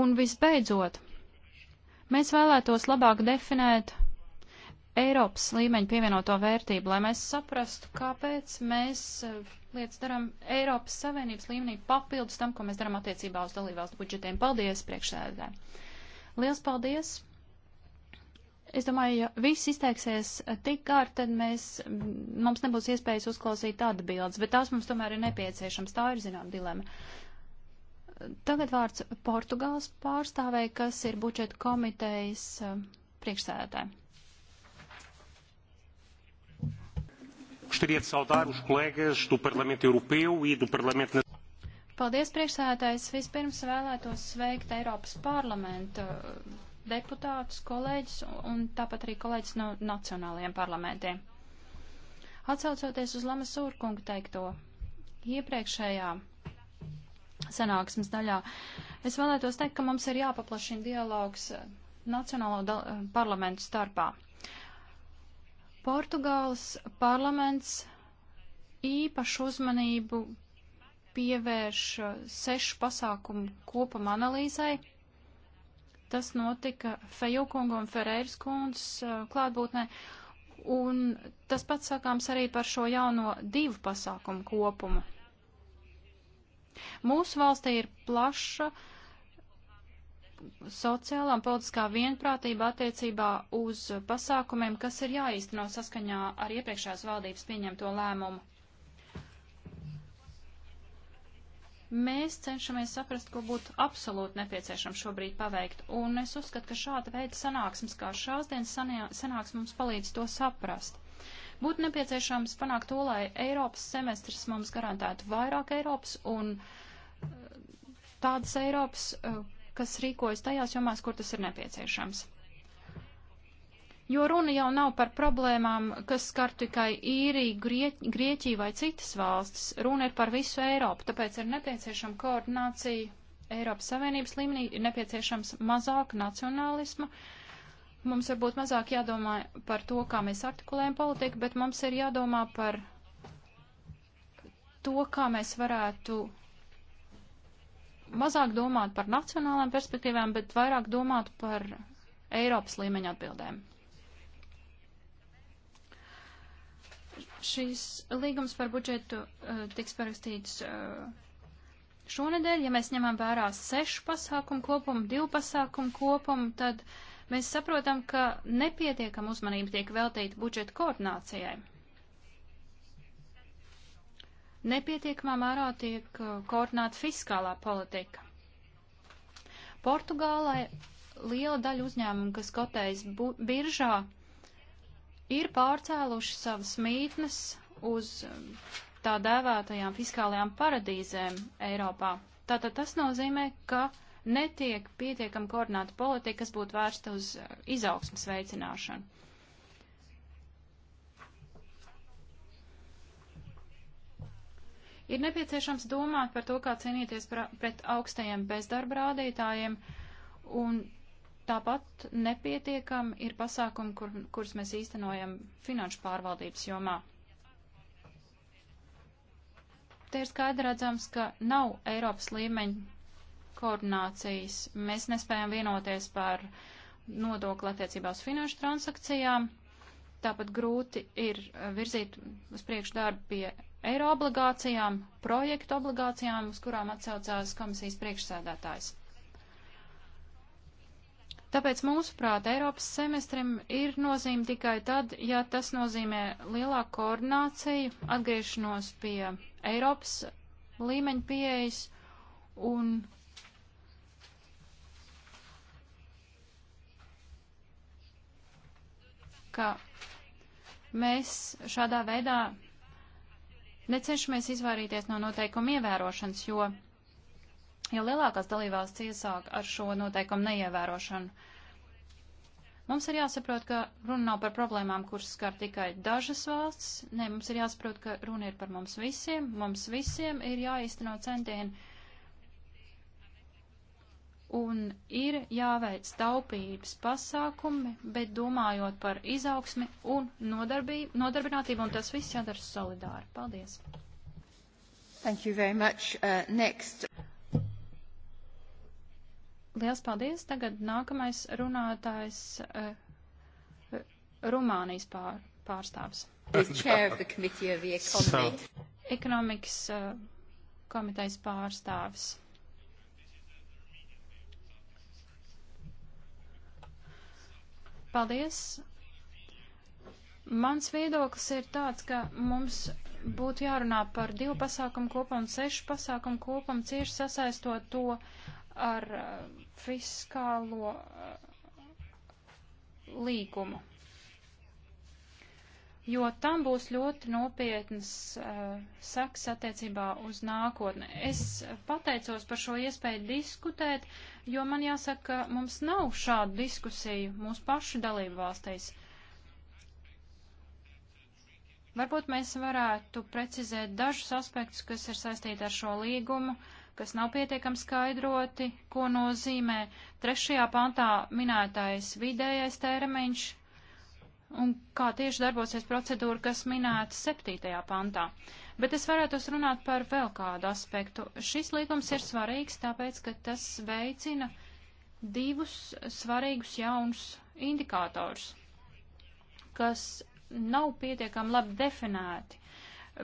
S3: un visbeidzot, mēs vēlētos labāk definēt Eiropas līmeņa pievienoto vērtību, lai mēs saprastu, kāpēc mēs eh, lietas darām Eiropas Savienības līmenī papildus tam, ko mēs darām attiecībā uz dalībvalstu budžetiem. Paldies, priekšsēdētāji! Liels paldies! Es domāju, ja viss izteiksies eh, tik kārt, tad mēs, mm, mums nebūs iespējas uzklausīt atbildes, bet tās mums tomēr ir nepieciešams. Tā ir, zinām, dilema. Tagad vārds Portugāles pārstāvēja, kas ir budžeta komitejas eh, priekšsēdētāji.
S2: Gostaria de saudar os colegas
S4: do Parlamento Europeu e do Parlamento Nacional.
S3: Paldies, priekšsēdētājs. Vispirms vēlētos sveikt Eiropas parlamenta deputātus, kolēģis un tāpat arī kolēģis no nacionālajiem parlamentiem. Atsaucoties uz Lamas Sūrkunga teikto iepriekšējā sanāksmes daļā, es vēlētos teikt, ka mums ir jāpaplašina dialogs nacionālo parlamentu starpā. Portugāles parlaments īpašu uzmanību pievērš sešu pasākumu kopuma analīzai. Tas notika Fejukunga un Ferēras kundzes uh, klātbūtnē. Un tas pats sakāms arī par šo jauno divu pasākumu kopumu. Mūsu valstī ir plaša uh, sociālā un politiskā vienprātība attiecībā uz pasākumiem, kas ir jāīsteno saskaņā ar iepriekšējās valdības pieņemto lēmumu. Mēs cenšamies saprast, ko būtu absolūti nepieciešams šobrīd paveikt, un es uzskatu, ka šāda veida sanāksmes, kā šās dienas sanāksmes, mums palīdz to saprast. Būtu nepieciešams panākt to, lai Eiropas semestris mums garantētu vairāk Eiropas un eh, tādas Eiropas, eh, kas rīkojas tajās jomās, kur tas ir nepieciešams. Jo runa jau nav par problēmām, kas skar tikai īriju, Grie Grieķiju vai citas valstis. Runa ir par visu Eiropu, tāpēc ir nepieciešama koordinācija Eiropas Savienības līmenī, ir nepieciešams mazāk nacionālisma. Mums varbūt mazāk jādomā par to, kā mēs artikulējam politiku, bet mums ir jādomā par to, kā mēs varētu mazāk domāt par nacionālām perspektīvām, bet vairāk domāt par Eiropas līmeņa atbildēm. Šīs līgums par budžetu uh, tiks parakstīts uh, šonedēļ. Ja mēs ņemam vērā sešu pasākumu kopumu, divu pasākumu kopumu, tad mēs saprotam, ka nepietiekam uzmanību tiek veltīta budžeta koordinācijai. Nepietiekamā mērā tiek uh, koordināta fiskālā politika. Portugālē liela daļa uzņēmumu, kas kotējas biržā, ir pārcēluši savas mītnes uz um, tā dēvētajām fiskālajām paradīzēm Eiropā. Tātad tas nozīmē, ka netiek pietiekam koordināta politika, kas būtu vērsta uz uh, izaugsmas veicināšanu. Ir nepieciešams domāt par to, kā cīnīties pret augstajiem bezdarba rādītājiem, un tāpat nepietiekami ir pasākumi, kur, kurus mēs īstenojam finanšu pārvaldības jomā. Te ir skaidrādzams, ka nav Eiropas līmeņa koordinācijas. Mēs nespējam vienoties par nodokli attiecībā uz finanšu transakcijām. Tāpat grūti ir virzīt uz priekšu darbu pie eiro obligācijām, projektu obligācijām, uz kurām atsaucās komisijas priekšsēdētājs. Tāpēc mūsuprāt, Eiropas semestrim ir nozīme tikai tad, ja tas nozīmē lielāku koordināciju, atgriešanos pie Eiropas līmeņa pieejas un ka mēs šādā veidā necenšamies izvairīties no noteikumu ievērošanas, jo, jo lielākās dalībvalsts iesāk ar šo noteikumu neievērošanu. Mums ir jāsaprot, ka runa nav par problēmām, kuras skar tikai dažas valsts. Nē, mums ir jāsaprot, ka runa ir par mums visiem. Mums visiem ir jāizteno centieni un ir jāveic taupības pasākumi, bet domājot par izaugsmi un nodarbinātību, un tas viss jādara solidāri. Paldies! Thank you very much. Uh, next. Liels paldies. Tagad nākamais runātājs uh, Rumānijas pār, pārstāvs. Ekonomikas uh, komitejas pārstāvs. Paldies! Mans viedoklis ir tāds, ka mums būtu jārunā par divu pasākumu kopumu, sešu pasākumu kopumu, cieši sasaistot to ar uh, fiskālo uh, līgumu jo tam būs ļoti nopietnas uh, eh, saks attiecībā uz nākotni. Es pateicos par šo iespēju diskutēt, jo man jāsaka, ka mums nav šādu diskusiju mūsu pašu dalību valstīs. Varbūt mēs varētu precizēt dažus aspektus, kas ir saistīti ar šo līgumu, kas nav pietiekami skaidroti, ko nozīmē trešajā pantā minētais vidējais termiņš, un kā tieši darbosies procedūra, kas minēta 7. pantā. Bet es varētu runāt par vēl kādu aspektu. Šis līgums ir svarīgs, tāpēc, ka tas veicina divus svarīgus jaunus indikātors, kas nav pietiekami labi definēti.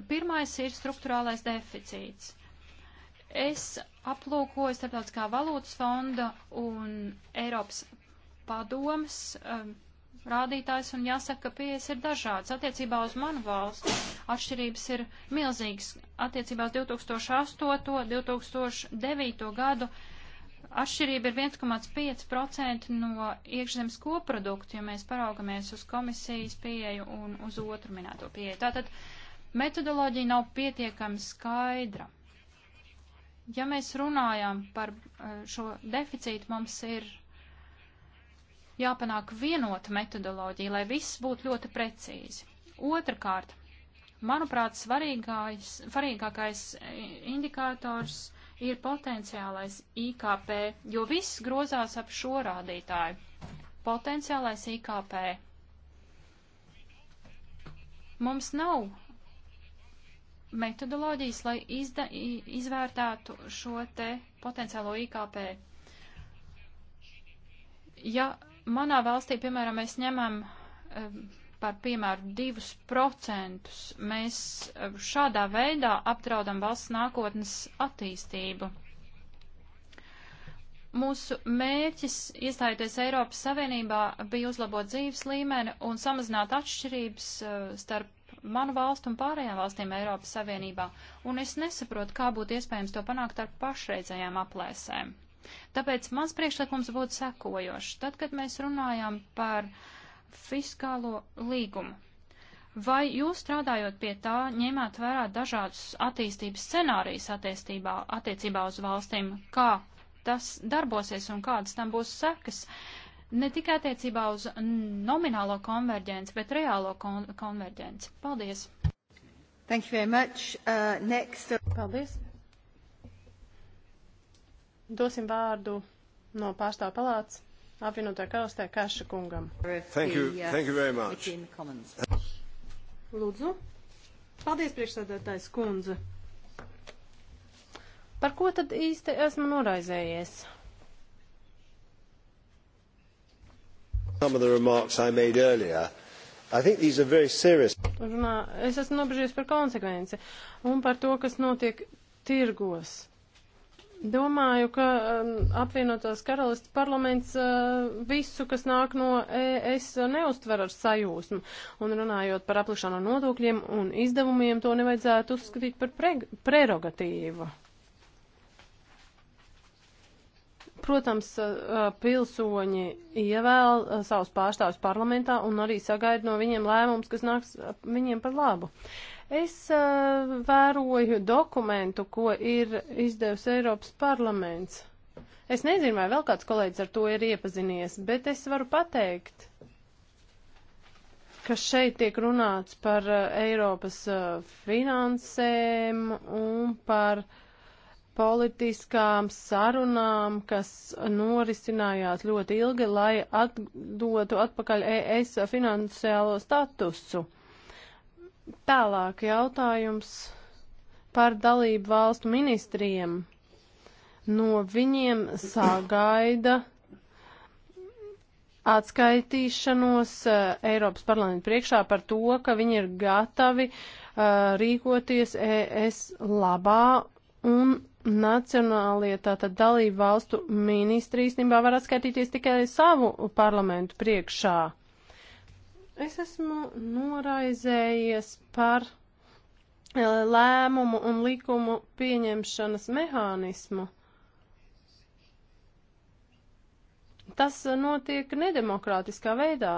S3: Pirmais ir struktūrālais deficīts. Es aplūkoju Starptautiskā valūtas fonda un Eiropas padomas um, rādītājs, un jāsaka, ka pieejas ir dažādas. Attiecībā uz manu valsti atšķirības ir milzīgas. Attiecībā uz 2008. un 2009. gadu atšķirība ir 1,5% no iekšzemes koprodukta, ja mēs paraugamies uz komisijas pieeju un uz otru minēto pieeju. Tātad metodoloģija nav pietiekami skaidra. Ja mēs runājam par eh, šo deficītu, mums ir jāpanāk vienota metodoloģija, lai viss būtu ļoti precīzi. Otrakārt, manuprāt, svarīgākais indikators ir potenciālais IKP, jo viss grozās ap šo rādītāju. Potenciālais IKP. Mums nav metodoloģijas, lai izda, izvērtētu šo te potenciālo IKP. Ja manā valstī, piemēram, mēs ņemam eh, par piemēru 2%. Mēs eh, šādā veidā apdraudam valsts nākotnes attīstību. Mūsu mērķis, iestājoties Eiropas Savienībā, bija uzlabot dzīves līmeni un samazināt atšķirības eh, starp manu valstu un pārējām valstīm Eiropas Savienībā, un es nesaprotu, kā būtu iespējams to panākt ar pašreizējām aplēsēm. Tāpēc mans priekšlikums būtu sekojošs. Tad, kad mēs runājām par fiskālo līgumu, vai jūs strādājot pie tā, ņemāt vērā dažādus attīstības scenārijus attiecībā, attiecībā uz valstīm, kā tas darbosies un kādas tam būs sekas? Ne tikai attiecībā uz nominālo konverģenci, bet reālo kon konverģenci. Paldies! Thank you very much. Uh,
S1: next. Paldies. Dosim vārdu no pārstāv palāts apvienotā karalistē Kaša kungam.
S4: Thank you, thank you
S1: very much. Lūdzu. Paldies, priekšsēdētājs kundze. Par ko tad īsti esmu noraizējies? Some of the remarks I made earlier Runā, es esmu nobežies par konsekvenci un par to, kas notiek tirgos. Domāju, ka um, apvienotās karalists parlaments uh, visu, kas nāk no ES, neustver ar sajūsmu. Un runājot par aplikšanu nodokļiem un izdevumiem, to nevajadzētu uzskatīt par pre prerogatīvu. Protams, uh, pilsoņi ievēl uh, savus pārstāvus parlamentā un arī sagaida no viņiem lēmums, kas nāks uh, viņiem par labu. Uh, Es uh, vēroju dokumentu, ko ir izdevusi Eiropas parlaments. Es nezinu, vai vēl kāds kolēģis ar to ir iepazinies, bet es varu pateikt, ka šeit tiek runāts par uh, Eiropas uh, finansēm un par politiskām sarunām, kas norisinājās ļoti ilgi, lai atdotu atpakaļ ES finansiālo statusu. Uh, Tālāk jautājums par dalību valstu ministriem. No viņiem sagaida atskaitīšanos eh, Eiropas parlamentu priekšā par to, ka viņi ir gatavi eh, rīkoties ES labā un nacionālie tātad dalību valstu ministri īstenībā var atskaitīties tikai savu parlamentu priekšā. Es esmu noraizējies par e, lēmumu un likumu pieņemšanas mehānismu. Tas notiek nedemokrātiskā veidā.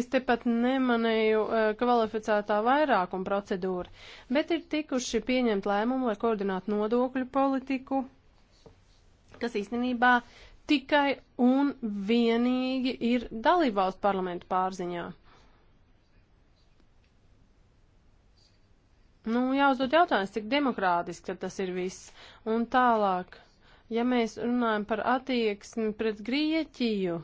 S1: Es tepat nemanēju e, kvalificētā vairākuma procedūru, bet ir tikuši pieņemt lēmumu, lai koordinātu nodokļu politiku, kas īstenībā uh, tikai un vienīgi ir dalībvalstu parlamentu pārziņā. Nu, jāuzdod jautājums, cik demokrātiski tas ir viss. Un tālāk, ja mēs runājam par attieksmi pret Grieķiju,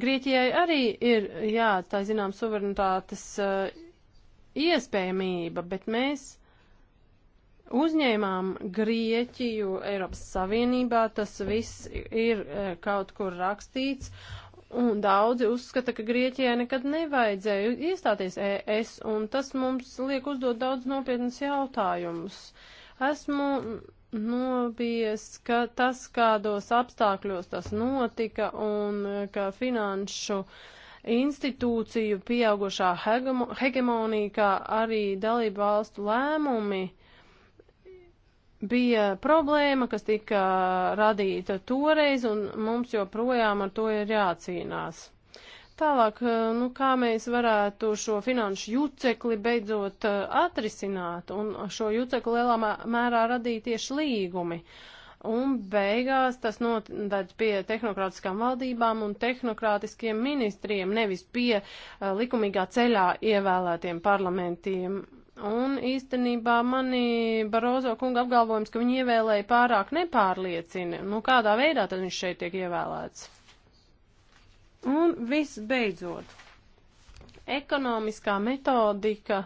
S1: Grieķijai arī ir, jā, tā zinām, suverenitātes uh, iespējamība, bet mēs uzņēmām Grieķiju Eiropas Savienībā, tas viss ir e, kaut kur rakstīts. Un daudzi uzskata, ka Grieķijai nekad nevajadzēja iestāties ES, un tas mums liek uzdot daudz nopietnas jautājumus. Esmu nobijies, ka tas, kādos apstākļos tas notika, un ka finanšu uh, institūciju pieaugušā hegemonija, kā arī dalību valstu lēmumi bija problēma, kas tika radīta toreiz, un mums joprojām ar to ir jācīnās. Tālāk, eh, nu, kā mēs varētu šo finanšu jucekli beidzot eh, atrisināt, un šo jucekli lielā mērā radīja tieši līgumi. Un beigās tas nodēļ pie tehnokrātiskām valdībām un tehnokrātiskiem ministriem, nevis pie uh, likumīgā ceļā ievēlētiem parlamentiem Un īstenībā mani Barozo kunga apgalvojums, ka viņi ievēlēja pārāk nepārliecina. Nu, kādā veidā tad viņš šeit tiek ievēlēts? Un viss beidzot. Ekonomiskā metodika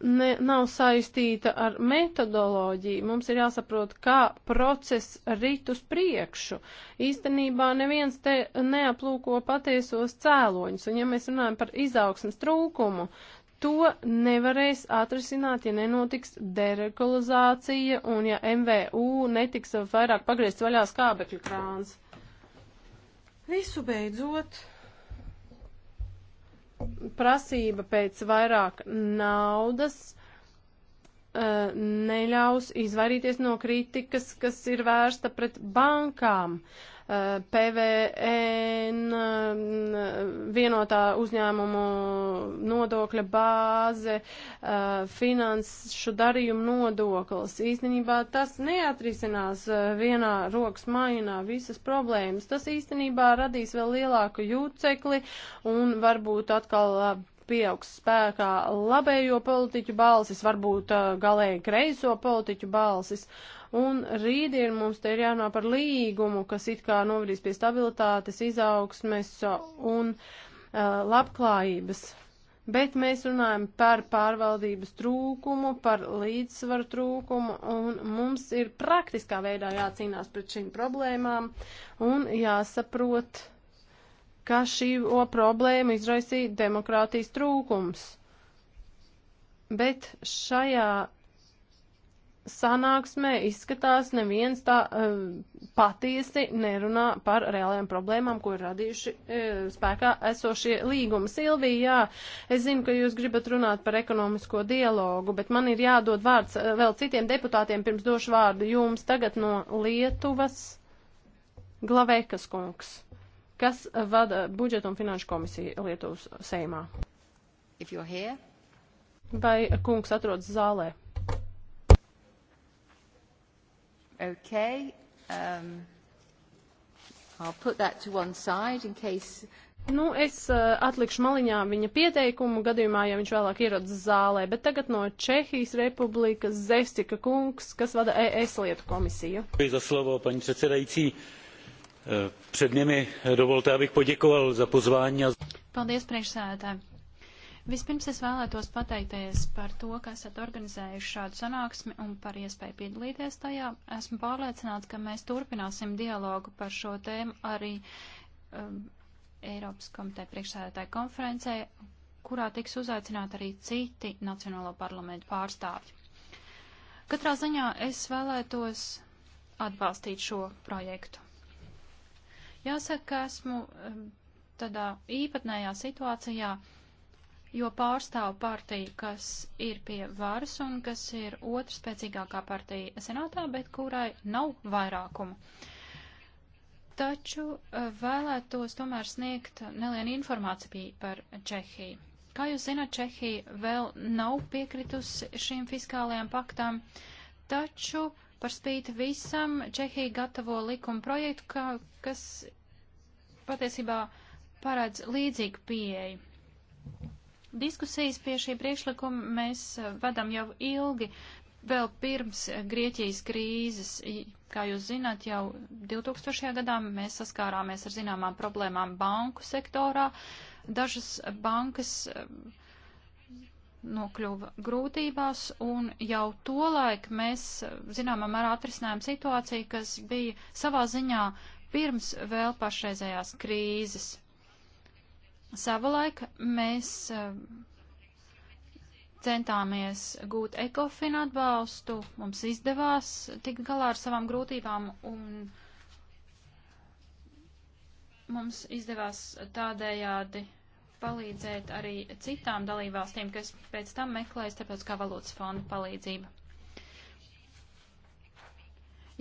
S1: ne, nav saistīta ar metodoloģiju. Mums ir jāsaprot, kā process rit uz priekšu. Īstenībā neviens te neaplūko patiesos cēloņus, un ja mēs runājam par izaugsmas trūkumu, to nevarēs atrisināt, ja nenotiks deregulizācija un ja MVU netiks vairāk pagriezt vaļā skābekļa krāns. Visu beidzot, prasība pēc vairāk naudas uh, neļaus izvairīties no kritikas, kas ir vērsta pret bankām. Uh, PVN, vienotā uzņēmumu nodokļa bāze, finanšu darījumu nodoklis. Īstenībā tas neatrisinās vienā rokas mainā visas problēmas. Tas īstenībā radīs vēl lielāku jūcekli un varbūt atkal uh, pieaugs spēkā labējo politiķu balsis, varbūt uh, galēji kreiso politiķu balsis. Uh, Un rītdien mums te ir jānāk par līgumu, kas it kā novedīs pie stabilitātes, izaugsmes un uh, labklājības. Bet mēs runājam par pārvaldības trūkumu, par līdzsvaru trūkumu, un mums ir praktiskā veidā jācīnās pret šīm problēmām un jāsaprot, ka šo problēmu izraisīja demokrātijas trūkums. Bet šajā sanāksmē izskatās neviens tā uh, patiesi nerunā par reālajām problēmām, ko ir radījuši uh, spēkā esošie līgumi. Silvija, jā, es zinu, ka jūs gribat runāt par ekonomisko dialogu, bet man ir jādod vārds uh, vēl citiem deputātiem, pirms došu vārdu jums tagad no Lietuvas Glavekas kungs, kas vada budžeta un finanšu komisiju Lietuvas Seimā. Vai kungs atrodas zālē? Okay. Um, I'll put that to one side in case. Nu, es uh, atlikšu maliņā viņa pieteikumu gadījumā, ja viņš vēlāk ierodas zālē, bet tagad no Čehijas republikas Zestika kungs, kas vada ES lietu komisiju.
S2: Za slovo, paní předsedající. E, Předně mi dovolte, abych poděkoval za pozvání.
S3: Paldies, priekšsēdētāji. Vispirms es vēlētos pateikties par to, ka esat organizējuši šādu sanāksmi un par iespēju piedalīties tajā. Esmu pārliecināts, ka mēs turpināsim dialogu par šo tēmu arī um, Eiropas komiteja priekšsēdētāja konferencē, kurā tiks uzaicināti arī citi Nacionālo parlamentu pārstāvji. Katrā ziņā es vēlētos atbalstīt šo projektu. Jāsaka, ka esmu um, tādā īpatnējā situācijā, uh, jo pārstāv partiju, kas ir pie varas un kas ir otrs spēcīgākā partija senātā, bet kurai nav vairākumu. Taču eh, vēlētos tomēr sniegt nelienu informāciju par Čehiju. Kā jūs zināt, Čehija vēl nav piekritusi šīm fiskālajām paktām, taču par spīti visam Čehija gatavo likuma projektu, ka, kas patiesībā paredz līdzīgu pieeju. Diskusijas pie šī priekšlikuma mēs eh, vedam jau ilgi, vēl pirms eh, Grieķijas krīzes. Kā jūs zināt, jau 2000. gadā mēs saskārāmies ar zināmām problēmām banku sektorā. Dažas bankas eh, nokļuva grūtībās, un jau tolaik mēs zināmā mērā atrisinājām situāciju, kas bija savā ziņā pirms vēl pašreizējās krīzes. Savulaik mēs eh, centāmies gūt ekofinu atbalstu, mums izdevās tikt galā ar savām grūtībām un mums izdevās tādējādi palīdzēt arī citām dalībvalstīm, kas pēc tam meklēja starptautiskā valūtas fonda palīdzību.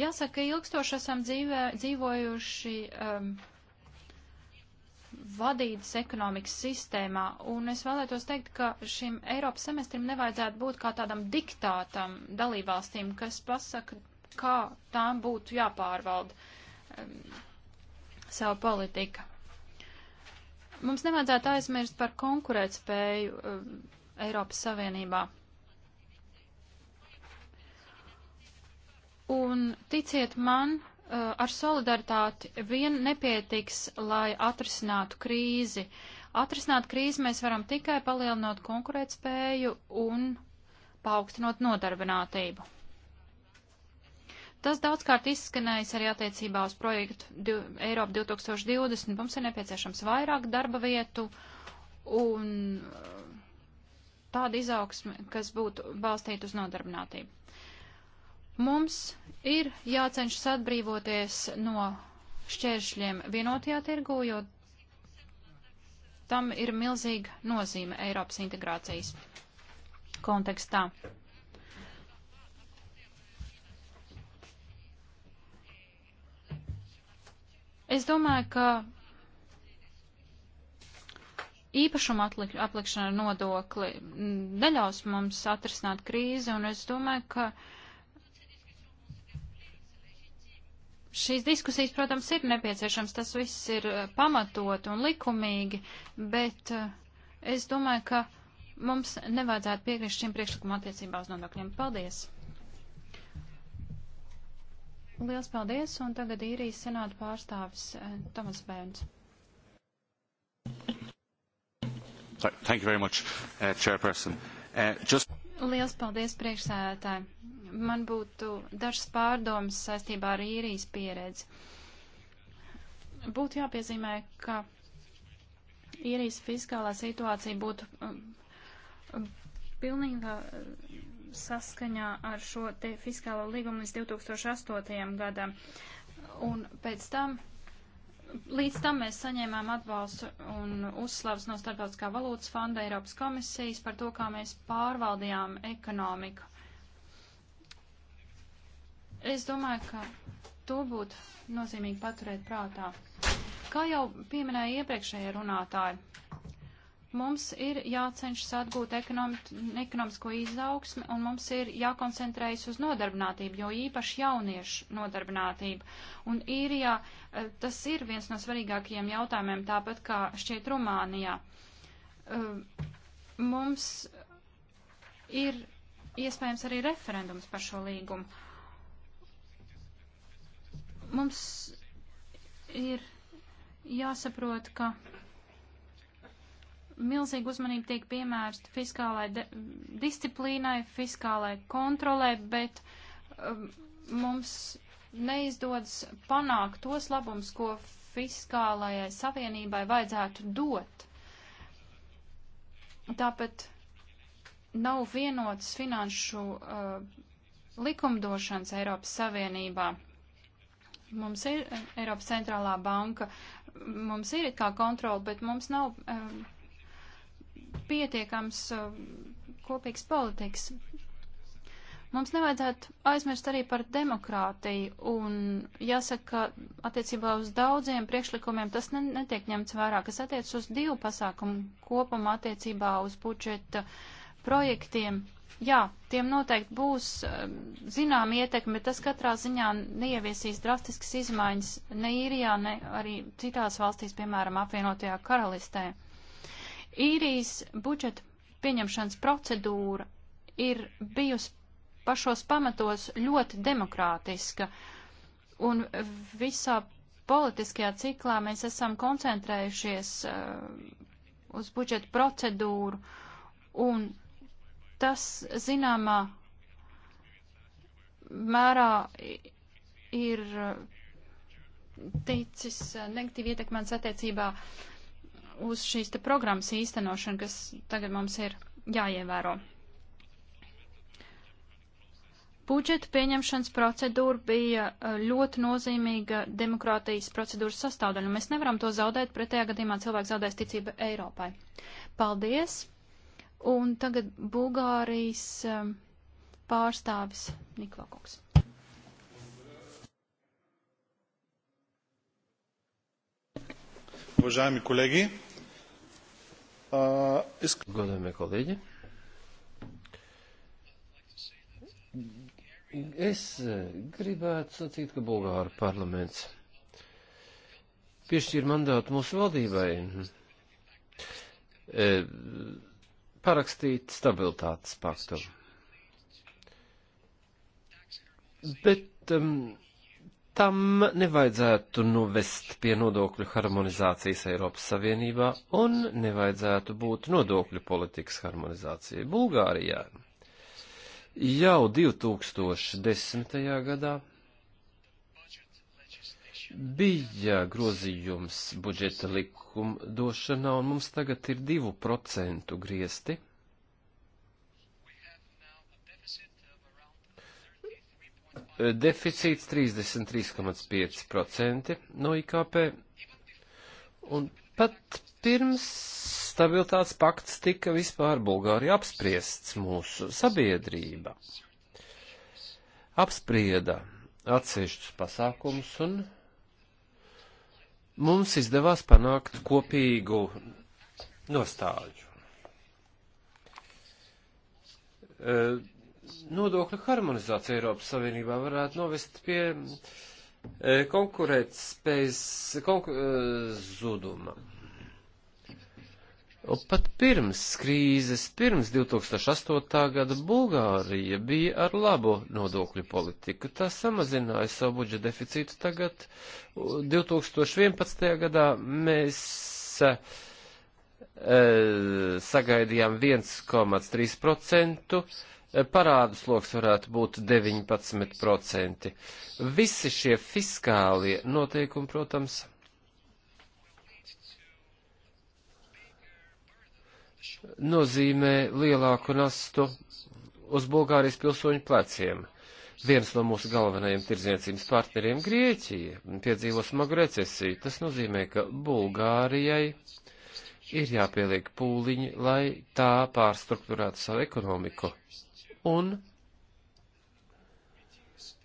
S3: Jāsaka, ilgstoši esam dzīvē, dzīvojuši um, vadītas ekonomikas sistēmā, un es vēlētos teikt, ka šim Eiropas semestrim nevajadzētu būt kā tādam diktātam dalībvalstīm, kas pasaka, kā tām būtu jāpārvalda um, savu politiku. Mums nevajadzētu aizmirst par konkurētspēju um, Eiropas Savienībā. Un ticiet man, Uh, ar solidaritāti vien nepietiks, lai atrisinātu krīzi. Atrisināt krīzi mēs varam tikai palielinot konkurētspēju un paaugstinot nodarbinātību. Tas daudzkārt izskanējis arī attiecībā uz projektu Eiropa 2020. Mums ir nepieciešams vairāk darba vietu un tāda izaugsme, kas būtu balstīta uz nodarbinātību. Mums ir jācenšas atbrīvoties no šķēršļiem vienotajā tirgu, jo tam ir milzīga nozīme Eiropas integrācijas kontekstā. Es domāju, ka īpašuma aplikšana nodokli neļaus mums atrisināt krīzi, un es domāju, ka uh, šīs diskusijas, protams, ir nepieciešams, tas viss ir eh, pamatot un likumīgi, bet eh, es domāju, ka mums nevajadzētu piekrist šim priekšlikumam attiecībā uz nodokļiem. Paldies! Liels paldies, un tagad īrijas senāta pārstāvis eh, Tomas Bērns.
S4: Thank you very much, uh, Chairperson. Uh, just...
S3: Liels paldies priekšsēdētāji man būtu dažas pārdomas saistībā ar īrijas pieredzi. Būtu jāpiezīmē, ka īrijas fiskālā situācija būtu um, um, pilnīgā uh, saskaņā ar šo te fiskālo līgumu līdz 2008. gadam. Un pēc tam, līdz tam mēs saņēmām atbalstu un uzslavas no Starptautiskā valūtas fonda Eiropas komisijas par to, kā mēs pārvaldījām ekonomiku. Es domāju, ka to būtu nozīmīgi paturēt prātā. Kā jau pieminēja iepriekšējie runātāji, mums ir jācenšas atgūt ekonom, ekonomisko izaugsmi un mums ir jākoncentrējas uz nodarbinātību, jo īpaši jauniešu nodarbinātību. Un īrijā eh, tas ir viens no svarīgākajiem jautājumiem, tāpat kā šķiet Rumānijā. Eh, mums ir iespējams arī referendums par šo līgumu. Mums ir jāsaprot, ka milzīga uzmanība tiek piemērsta fiskālai disciplīnai, fiskālai kontrolē, bet um, mums neizdodas panākt tos labums, ko fiskālajai savienībai vajadzētu dot. Tāpat nav vienotas finanšu uh, likumdošanas Eiropas Savienībā. Mums ir eh, Eiropas centrālā banka, mums ir kā kontrola, bet mums nav um, pietiekams um, kopīgs politikas. Mums nevajadzētu aizmirst arī par demokrātiju, un jāsaka, ka attiecībā uz daudziem priekšlikumiem tas ne, netiek ņemts vērā, kas attiec uz divu pasākumu kopumu attiecībā uz budžeta projektiem. Jā, tiem noteikti būs eh, zinām ietekme, bet tas katrā ziņā neieviesīs drastiskas izmaiņas ne īrijā, ne arī citās valstīs, piemēram, apvienotajā karalistē. Īrijas budžeta pieņemšanas procedūra ir bijusi pašos pamatos ļoti demokrātiska, un visā politiskajā ciklā mēs esam koncentrējušies uh, uz budžeta procedūru, un tas zināmā mērā ir teicis negatīvi ietekmēts attiecībā uz šīs te programmas īstenošanu, kas tagad mums ir jāievēro. Budžeta pieņemšanas procedūra bija e, ļoti nozīmīga demokrātijas procedūras sastāvdaļa, un mēs nevaram to zaudēt, pretējā gadījumā cilvēks zaudēs ticību Eiropai. Paldies! Un tagad Bulgārijas um, pārstāvis Niklakoks.
S4: Уважаеми колеги,
S2: а, иск... Уважаеми колеги, es eh, gribētu sacīt, ka Bulgāra parlaments piešķīra mandātu mūsu valdībai. E, parakstīt stabilitātes paktu. Bet um, tam nevajadzētu novest pie nodokļu harmonizācijas Eiropas Savienībā un nevajadzētu būt nodokļu politikas harmonizācijai Bulgārijā. Jau 2010. gadā bija grozījums budžeta likumdošanā, un mums tagad ir 2% griesti. Deficīts 33,5% no IKP, un pat pirms stabilitātes pakts tika vispār Bulgārija apspriests mūsu sabiedrība. Apsprieda atsevišķus pasākumus un mums izdevās panākt kopīgu nostāju. E, nodokļu harmonizācija Eiropas Savienībā varētu novest pie e, konkurētspējas konkur e, zuduma. Un pat pirms krīzes, pirms 2008. gada Bulgārija bija ar labu nodokļu politiku. Tā samazināja savu budžeta deficītu tagad. 2011. gadā mēs e, e sagaidījām 1,3%, e, parādu sloks varētu būt 19%. Visi šie fiskālie noteikumi, protams, nozīmē lielāku nastu uz Bulgārijas pilsoņu pleciem. Viens no mūsu galvenajiem tirdzniecības partneriem - Grieķija - piedzīvo smagu recesiju. Tas nozīmē, ka Bulgārijai ir jāpieliek pūliņi, lai tā pārstruktūrētu savu ekonomiku. Un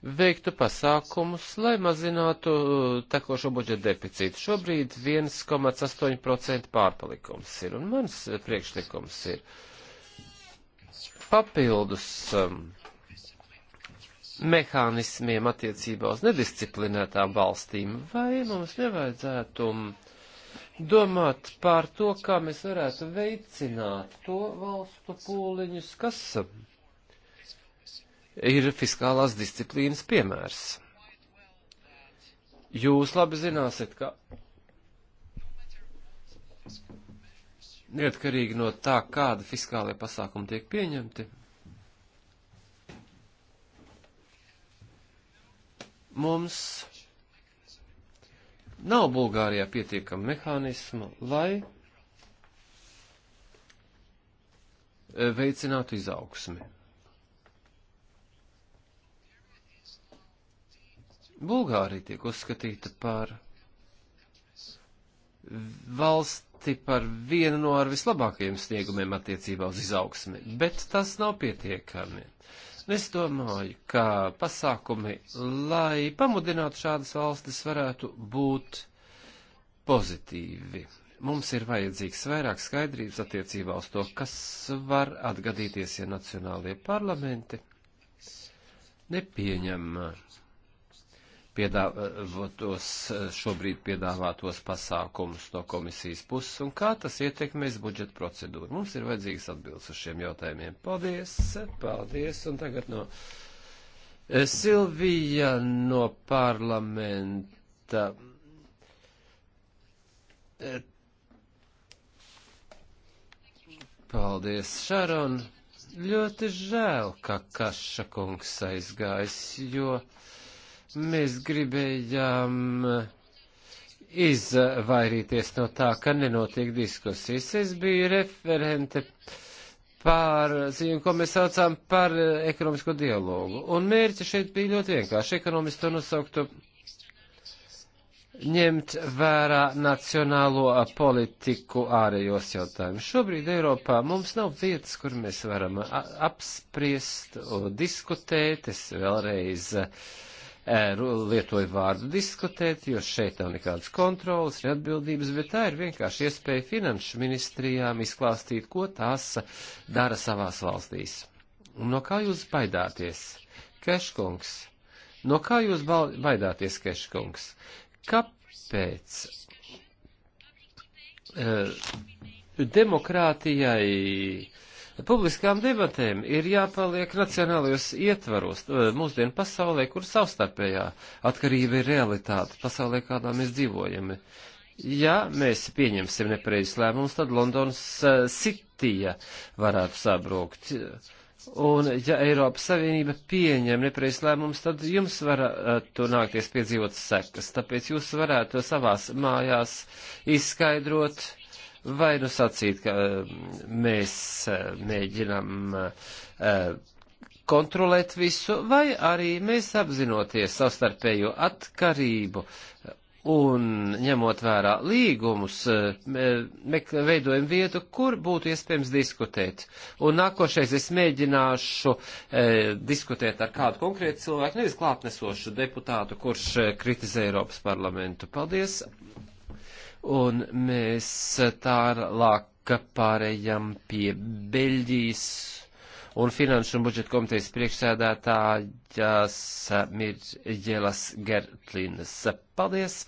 S2: veiktu pasākumus, lai mazinātu uh, tekošo budžeta deficītu. Šobrīd 1,8% pārpalikums ir, un mans uh, priekšlikums ir papildus um, mehānismiem attiecībā uz nedisciplinētām valstīm, vai mums nevajadzētu um, domāt par to, kā mēs varētu veicināt to valstu pūliņus, kas. Um, ir fiskālās disciplīnas piemērs. Jūs labi zināsiet, ka neatkarīgi no tā, kāda fiskālajā pasākuma tiek pieņemti, mums nav Bulgārijā pietiekama mehānismu, lai veicinātu izaugsmi. Bulgārija tiek uzskatīta par valsti par vienu no ar vislabākajiem sniegumiem attiecībā uz izaugsmi, bet tas nav pietiekami. Es domāju, ka pasākumi, lai pamudinātu šādas valstis, varētu būt pozitīvi. Mums ir vajadzīgs vairāk skaidrības attiecībā uz to, kas var atgadīties, ja nacionālie parlamenti nepieņem piedāvātos, šobrīd piedāvātos pasākumus no komisijas puses un kā tas ietekmēs budžeta procedūru. Mums ir vajadzīgs atbildes uz šiem jautājumiem. Paldies, paldies, un tagad no eh, Silvija no parlamenta. Eh, paldies, Šaron. Ļoti žēl, ka Kaša kungs aizgājis, jo. Uh, Mēs gribējām izvairīties no tā, ka nenotiek diskusijas. Es biju referente par ziņu, ko mēs saucām par ekonomisko dialogu. Un mērķi šeit bija ļoti vienkārši. Ekonomisti to nosauktu ņemt vērā nacionālo politiku ārējos jautājumus. Šobrīd Eiropā mums nav vietas, kur mēs varam apspriest, diskutēt. Es vēlreiz uh, lietoju vārdu diskutēt, jo šeit nav nekādas kontrolas, ne atbildības, bet tā ir vienkārši iespēja finanšu ministrijām izklāstīt, ko tās dara savās valstīs. Un no kā jūs baidāties, Keškungs? No kā jūs baidāties, Keškungs? Kāpēc? Uh, demokrātijai uh, publiskām debatēm ir jāpaliek nacionālajos ietvaros eh, mūsdienu pasaulē, kur savstarpējā atkarība ir realitāte, pasaulē, kādā mēs dzīvojam. Ja mēs pieņemsim nepareizus lēmumus, tad Londonas eh, Cityja varētu sabrukt. Un, ja Eiropas Savienība pieņem nepareiz lēmums, tad jums varētu nākties piedzīvot sekas. Tāpēc jūs varētu savās mājās izskaidrot vai nu sacīt, ka eh, mēs eh, mēģinam eh, kontrolēt visu, vai arī mēs apzinoties savstarpējo atkarību un ņemot vērā līgumus, veidojam vietu, kur būtu iespējams diskutēt. Un nākošais es mēģināšu e, diskutēt ar kādu konkrētu cilvēku, nevis klātnesošu deputātu, kurš kritizē Eiropas parlamentu. Paldies, un mēs tālāk pārējām pie Beļģijas un Finanšu un budžeta komitejas priekšsēdētājas Mirģelas Gertlinas. Paldies!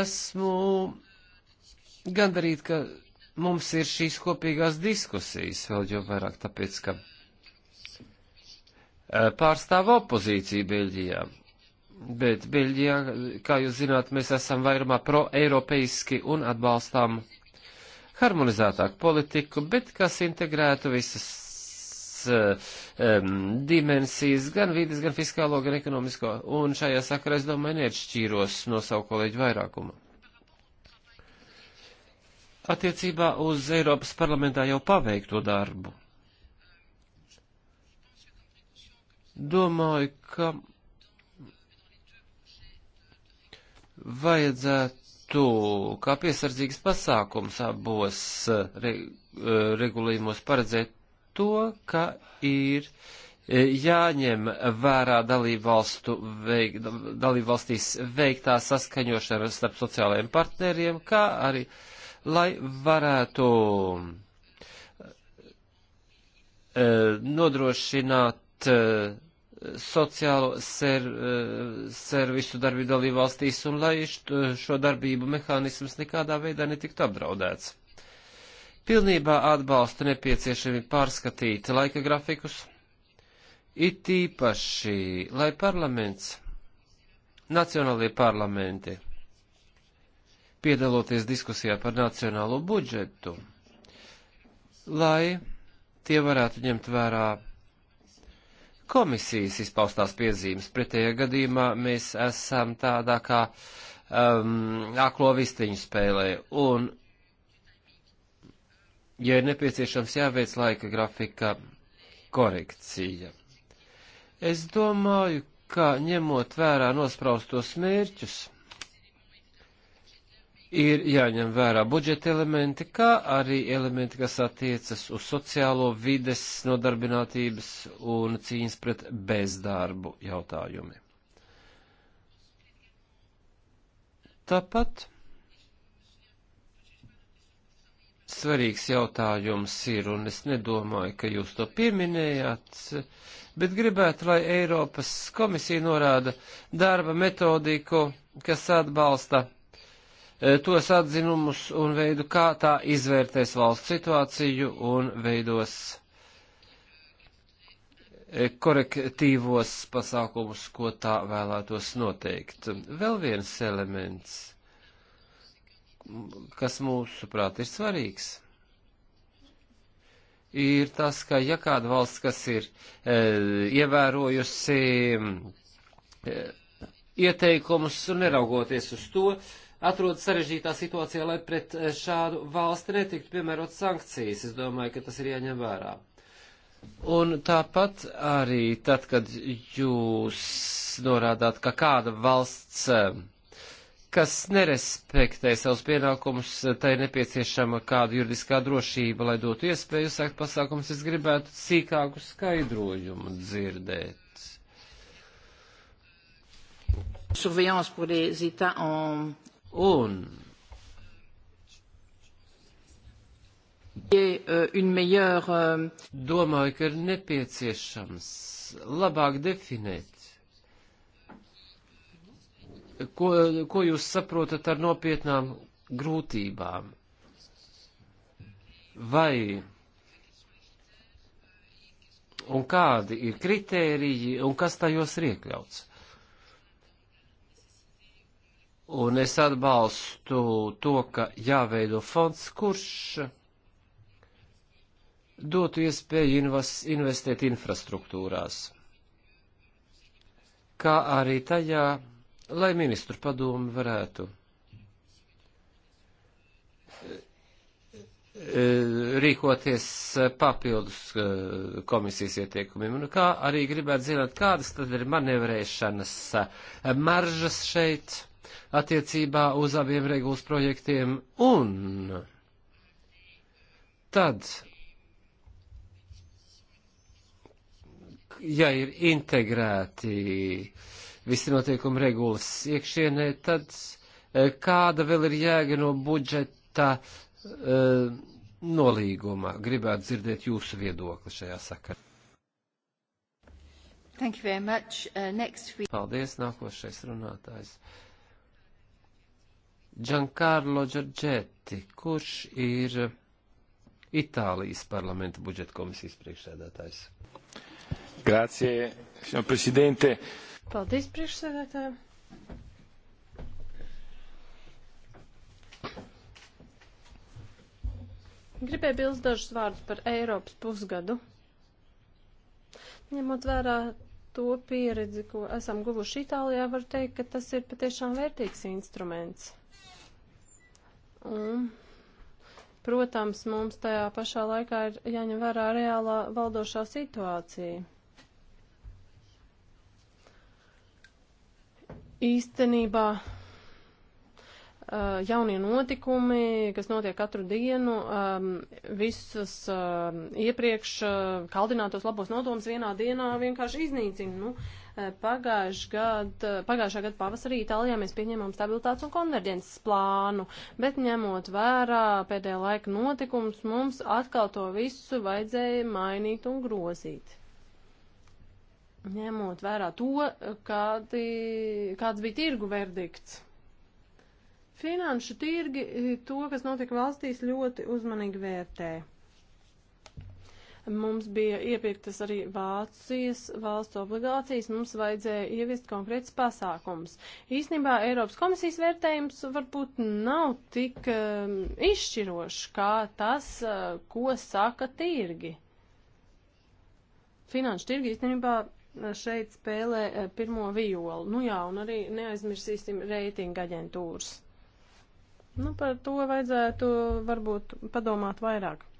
S2: Esmu gandarīt, ka mums ir šīs kopīgās diskusijas, vēl jau vairāk tāpēc, ka eh, pārstāv opozīciju Beļģijā. Bet Beļģijā, kā jūs zināt, mēs esam vairumā pro-eiropeiski un atbalstām harmonizētāku politiku, bet kas integrētu visas um, dimensijas, gan vidas, gan fiskālo, gan ekonomisko. Un šajā sakarā, es domāju, neatšķīros no savu kolēģu vairākumu. Attiecībā uz Eiropas parlamentā jau paveikto darbu. Domāju, ka vajadzētu kā piesardzīgs pasākums abos eh, re, eh, regulējumos paredzēt to, ka ir eh, jāņem vērā dalībvalstu veik, dalībvalstīs veiktā saskaņošana starp sociālajiem partneriem, kā arī, lai varētu nodrošināt sociālo ser, eh, servisu darbību dalībvalstīs un lai šo darbību mehānisms nekādā veidā netiktu apdraudēts. Pilnībā atbalsta nepieciešami pārskatīt laika grafikus, it īpaši, lai parlaments, nacionālie parlamenti, piedaloties diskusijā par nacionālo budžetu, lai tie varētu ņemt vērā komisijas izpaustās piezīmes. Pretējā gadījumā mēs esam tādā kā um, aklo vistiņu spēlē. Un, ja ir nepieciešams, jāveic laika grafika korekcija. Es domāju, ka ņemot vērā nospraustos mērķus, ir jāņem vērā budžeta elementi, kā arī elementi, kas attiecas uz sociālo vides nodarbinātības un cīņas pret bezdarbu jautājumi. Tāpat svarīgs jautājums ir, un es nedomāju, ka jūs to pieminējāt, bet gribētu, lai Eiropas komisija norāda darba metodiku, kas atbalsta E, tos atzinumus un veidu, kā tā izvērtēs valsts situāciju un veidos e, korektīvos pasākumus, ko tā vēlētos noteikt. Vēl viens elements, kas mūsuprāt ir svarīgs ir tas, ka ja kāda valsts, kas ir e, ievērojusi e, ieteikumus un neraugoties uz to, atrodas sarežģītā situācijā, lai pret eh, šādu valsti netiktu piemērot sankcijas. Es domāju, ka tas ir jāņem vērā. Un tāpat arī tad, kad jūs norādāt, ka kāda valsts, eh, kas nerespektē savus pienākumus, eh, tai nepieciešama kāda juridiskā drošība, lai dotu iespēju uzsākt pasākums, es gribētu sīkāku skaidrojumu dzirdēt
S1: surveillance pour les États en, un eh, eh,
S2: Domāju, ka ir nepieciešams labāk definēt, ko, ko jūs saprotat ar nopietnām grūtībām. Vai un kādi ir kritēriji un kas tajos ir iekļauts? Un es atbalstu to, ka jāveido fonds, kurš dotu iespēju invest, investēt infrastruktūrās, kā arī tajā, lai ministru padomi varētu e, rīkoties papildus e, komisijas ieteikumiem, un kā arī gribētu zināt, kādas tad ir manevrēšanas e, maržas šeit attiecībā uz abiem regulas projektiem, un tad, ja ir integrēti visi notiekumi regulas iekšienē, tad e, kāda vēl ir jēga no budžeta e, nolīguma? Gribētu dzirdēt jūsu viedokli šajā sakarā.
S3: Thank you very much. Uh, next
S2: week. Paldies, nākošais runātājs. Giancarlo Giorgetti, kurš ir Itālijas parlamenta budžeta komisijas priekšsēdētājs. Grācie, signor
S4: Presidente.
S1: Paldies, priekšsēdētājiem. Gribēju bilst dažus vārdus par Eiropas pusgadu. Ņemot vērā to pieredzi, ko esam guvuši Itālijā, var teikt, ka tas ir patiešām vērtīgs instruments. Un, protams, mums tajā pašā laikā ir jāņem vērā reālā valdošā situācija. Īstenībā jaunie notikumi, kas notiek katru dienu, um, visus um, iepriekš uh, kaldinātos labos nodomus vienā dienā vienkārši iznīcina. Nu, Eh, pagājušā gada, eh, pagājušā gada pavasarī Itālijā mēs pieņēmām stabilitātes un konverģences plānu, bet ņemot vērā pēdējā laika notikums, mums atkal to visu vajadzēja mainīt un grozīt ņemot vērā to, kādi, kāds bija tirgu verdikts. Finanšu tirgi eh, to, kas notika valstīs, ļoti uzmanīgi vērtē. Mums bija iepirktas arī Vācijas valsts obligācijas, mums vajadzēja ieviest konkrēts pasākums. Īsnībā Eiropas komisijas vērtējums varbūt nav tik um, izšķirošs kā tas, uh, ko saka tirgi. Finanšu tirgi īstenībā uh, šeit spēlē uh, pirmo violu. Nu jā, un arī neaizmirsīsim reitinga aģentūras. Nu, par to vajadzētu varbūt padomāt vairāk.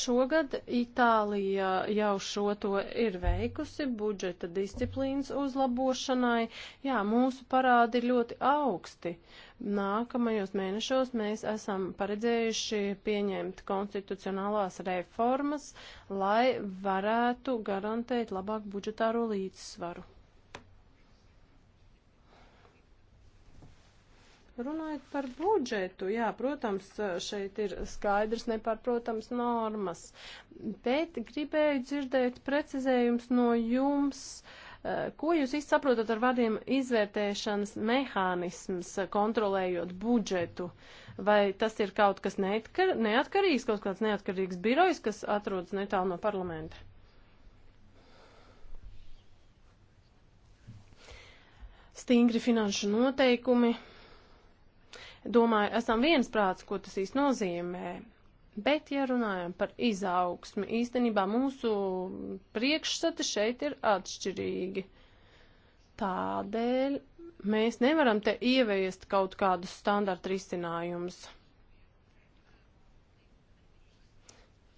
S1: Šogad Itālija jau šo to ir veikusi budžeta disciplīnas uzlabošanai. Jā, mūsu parādi ir ļoti augsti. Nākamajos mēnešos mēs esam paredzējuši pieņemt konstitucionālās reformas, lai varētu garantēt labāku budžetāro līdzsvaru. Runājot par budžetu, jā, protams, šeit ir skaidrs nepārprotams normas, bet gribēju dzirdēt precizējums no jums. Eh, ko jūs īsti saprotat ar vārdiem izvērtēšanas mehānisms, kontrolējot budžetu? Vai tas ir kaut kas neatkar neatkarīgs, kaut kāds neatkarīgs birojs, kas atrodas netālu no parlamenta? Stingri finanšu noteikumi, domāju, esam viensprāts, ko tas īsti nozīmē. Bet, ja runājam par izaugsmi, īstenībā mūsu priekšstati šeit ir atšķirīgi. Tādēļ mēs nevaram te ieviest kaut kādus standarta risinājumus.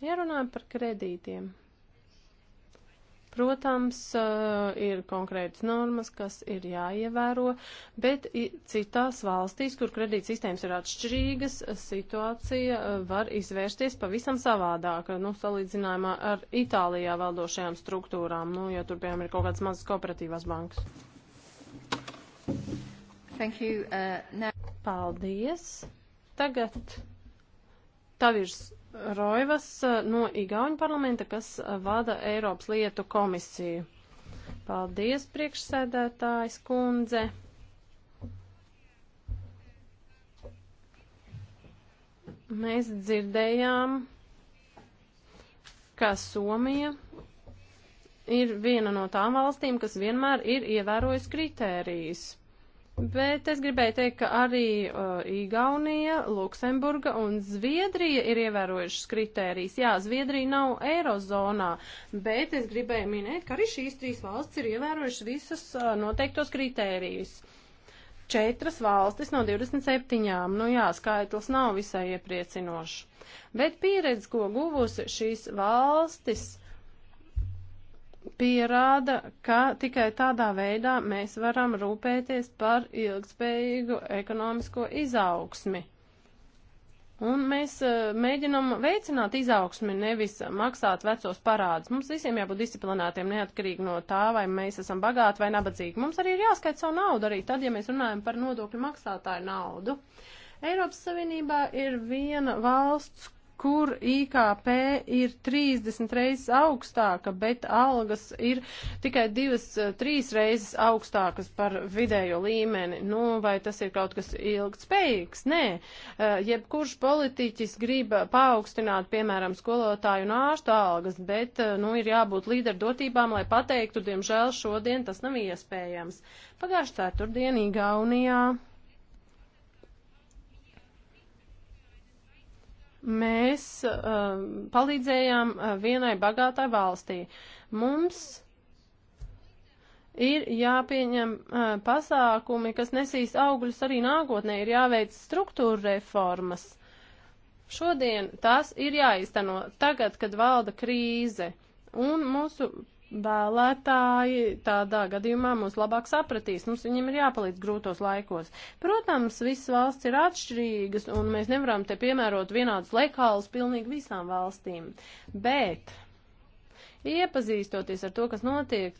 S1: Ja runājam par kredītiem. Protams, eh, ir konkrētas normas, kas ir jāievēro, bet citās valstīs, kur kredītsistēmas ir atšķirīgas, situācija eh, var izvērsties pavisam savādāk, nu, salīdzinājumā ar Itālijā valdošajām struktūrām, nu, jo tur, piemēram, ir kaut kādas mazas kooperatīvās bankas. Thank you. Uh, now... Paldies. Tagad tavirs Roivas eh, no Igauņu parlamenta, kas eh, vada Eiropas lietu komisiju. Paldies, priekšsēdētājs kundze. Mēs dzirdējām, ka Somija ir viena no tām valstīm, kas vienmēr ir ievērojusi kritērijas Bet es gribēju teikt, ka arī uh, Igaunija, Luksemburga un Zviedrija ir ievērojušas kritērijas. Jā, Zviedrija nav eirozonā, bet es gribēju minēt, ka arī šīs trīs valstis ir ievērojušas visas uh, noteiktos kritērijus. Četras valstis no 27. Nu jā, skaitlis nav visai iepriecinošs. Bet pieredze, ko guvusi šīs valstis pierāda, ka tikai tādā veidā mēs varam rūpēties par ilgspējīgu ekonomisko izaugsmi. Un mēs eh, mēģinam veicināt izaugsmi, nevis maksāt vecos parādus. Mums visiem jābūt disciplinētiem, neatkarīgi no tā, vai mēs esam bagāti vai nabadzīgi. Mums arī ir jāskaita savu naudu, arī tad, ja mēs runājam par nodokļu maksātāju naudu. Eiropas Savienībā ir viena valsts, kur IKP ir 30 reizes augstāka, bet algas ir tikai 2-3 eh, reizes augstākas par vidējo līmeni. Nu, vai tas ir kaut kas ilgtspējīgs? Nē. Eh, jebkurš politiķis grib paaugstināt, piemēram, skolotāju un ārstu algas, bet, eh, nu, ir jābūt līderdotībām, lai pateiktu, diemžēl šodien tas nav iespējams. Pagājušā ceturtdienā Igaunijā Mēs uh, palīdzējām uh, vienai bagātai valstī. Mums ir jāpieņem uh, pasākumi, kas nesīs augļus arī nākotnē, ir jāveic struktūra reformas. Šodien tās ir jāizteno tagad, kad valda krīze, un mūsu vēlētāji tādā gadījumā mūs labāk sapratīs. Mums viņiem ir jāpalīdz grūtos laikos. Protams, visas valsts ir atšķirīgas, un mēs nevaram te piemērot vienādus lekālus pilnīgi visām valstīm. Bet, iepazīstoties ar to, kas notiek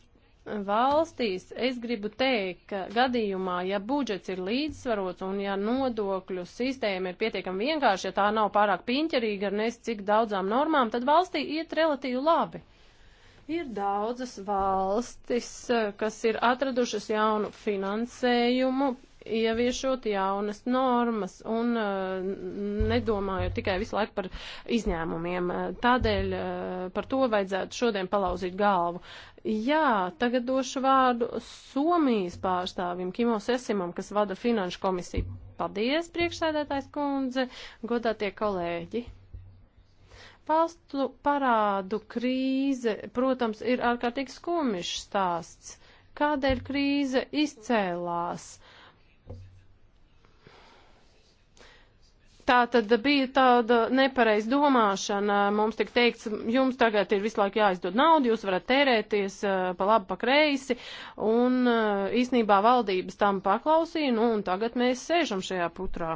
S1: valstīs, es gribu teikt, ka gadījumā, ja budžets ir līdzsvarots un ja nodokļu sistēma ir pietiekami vienkārša, ja tā nav pārāk piņķerīga ar nes cik daudzām normām, tad valstī iet relatīvi labi. Ir daudzas valstis, eh, kas ir atradušas jaunu finansējumu, ieviešot jaunas normas un eh, nedomājot tikai visu laiku par izņēmumiem. Eh, tādēļ par to vajadzētu šodien palauzīt galvu. Jā, tagad došu vārdu Somijas pārstāvim Kimo Sesimam, kas vada Finanšu komisiju. Paldies, priekšsēdētājs kundze, godātie kolēģi! Valstu parādu krīze, protams, ir ārkārtīgi skumjš stāsts. Kādēļ krīze izcēlās? Tā tad bija tāda nepareiz domāšana. Mums tik teikts, jums tagad ir visu laiku jāizdod naudu, jūs varat tērēties eh, pa labi, pa kreisi, un eh, īsnībā valdības tam paklausīja, nu un tagad mēs sēžam šajā putrā.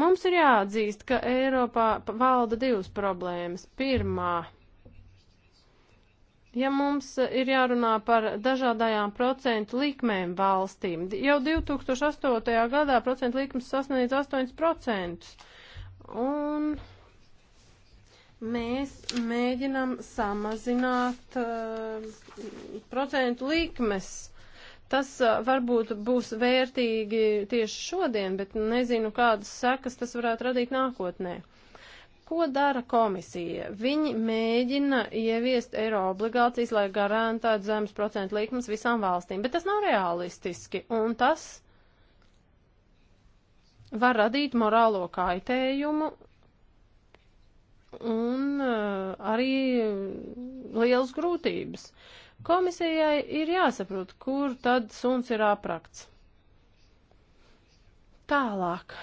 S1: Mums ir jāatzīst, ka Eiropā valda divas problēmas. Pirmā. Ja mums ir jārunā par dažādajām procentu likmēm valstīm, jau 2008. gadā procentu likmes sasniedz 8%. Un mēs mēģinam samazināt uh, procentu likmes. Tas varbūt būs vērtīgi tieši šodien, bet nezinu, kādas sekas tas varētu radīt nākotnē. Ko dara komisija? Viņi mēģina ieviest eiro obligācijas, lai garantētu zemes procentu likmes visām valstīm, bet tas nav realistiski, un tas var radīt morālo kaitējumu un uh, arī lielas grūtības. Uh, Komisijai ir jāsaprot, kur tad suns ir aprakts. Tālāk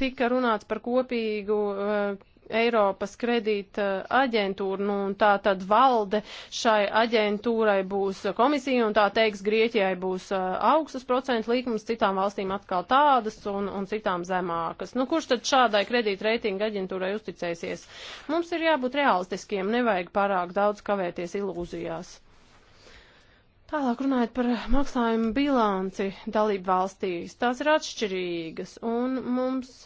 S1: tika runāts par kopīgu uh, Eiropas kredīta eh, aģentūru, nu, un tā tad valde šai aģentūrai būs komisija, un tā teiks, Grieķijai būs uh, augstas procentu likums, citām valstīm atkal tādas, un, un citām zemākas. Nu, kurš tad šādai kredīta reitinga aģentūrai uzticēsies? Mums ir jābūt realistiskiem, nevajag pārāk daudz kavēties ilūzijās. Tālāk runājot par maksājumu bilanci dalību valstīs, tās ir atšķirīgas, un mums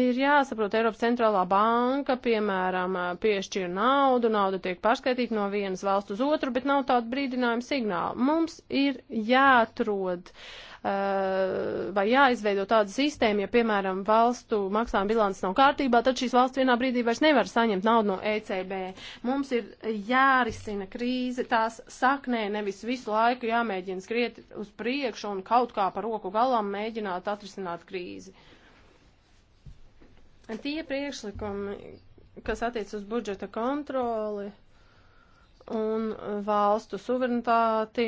S1: Ir jāsaprot, Eiropas centrālā banka, piemēram, piešķir naudu, nauda tiek pārskaitīta no vienas valsts uz otru, bet nav tāda brīdinājuma signāla. Mums ir jāatrod uh, vai jāizveido tāda sistēma, ja, piemēram, valstu maksājuma bilants nav kārtībā, tad šīs valsts vienā brīdī vairs nevar saņemt naudu no ECB. Mums ir jārisina krīze tās saknē, nevis visu laiku jāmēģina skriet uz priekšu un kaut kā par roku galam mēģināt atrisināt krīzi. Tie priekšlikumi, kas attiec uz budžeta kontroli un valstu suverenitāti,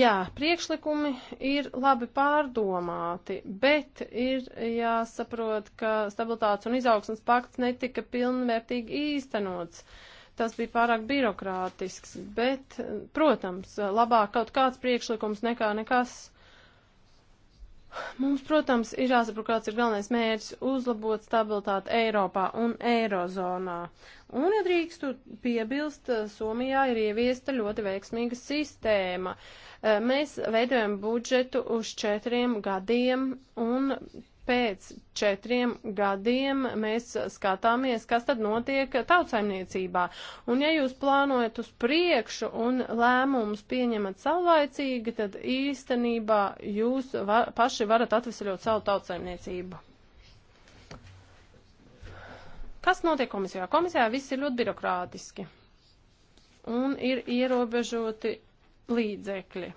S1: jā, priekšlikumi ir labi pārdomāti, bet ir jāsaprot, ka stabilitātes un izaugsmas pakts netika pilnvērtīgi īstenots tas bija pārāk birokrātisks, bet, protams, labāk kaut kāds priekšlikums nekā nekas. Mums, protams, ir jāsaprot, kāds ir galvenais mērķis - uzlabot stabilitāti Eiropā un Eirozonā. Un, ja drīkstu piebilst, Somijā ir ieviesta ļoti veiksmīga sistēma. Mēs veidojam budžetu uz četriem gadiem un pēc četriem gadiem mēs skatāmies, kas tad notiek tautsaimniecībā. Un ja jūs plānojat uz priekšu un lēmumus pieņemat saulaicīgi, tad īstenībā jūs var, paši varat atvesaļot savu tautsaimniecību. Kas notiek komisijā? Komisijā viss ir ļoti birokrātiski un ir ierobežoti līdzekļi.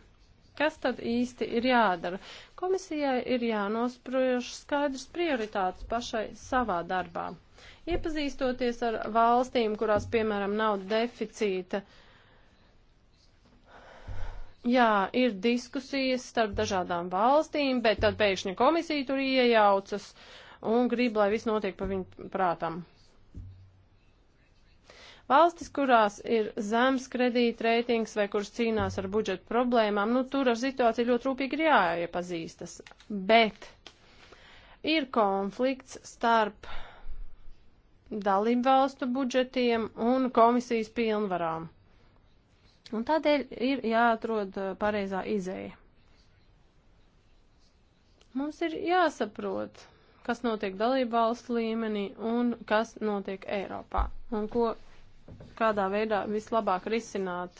S1: Kas tad īsti ir jādara? Komisijai ir jānospriež skaidrs prioritātes pašai savā darbā. Iepazīstoties ar valstīm, kurās, piemēram, nav deficīta, jā, ir diskusijas starp dažādām valstīm, bet tad pēkšņi komisija tur iejaucas un grib, lai viss notiek pa viņu prātam. Valstis, kurās ir zems kredītreitings vai kuras cīnās ar budžeta problēmām, nu tur ar situāciju ļoti rūpīgi ir jāiepazīstas. Bet ir konflikts starp dalībvalstu budžetiem un komisijas pilnvarām. Un tādēļ ir jāatrod uh, pareizā izēja. Mums ir jāsaprot, kas notiek dalībvalstu līmenī un kas notiek Eiropā un ko kādā veidā vislabāk risināt.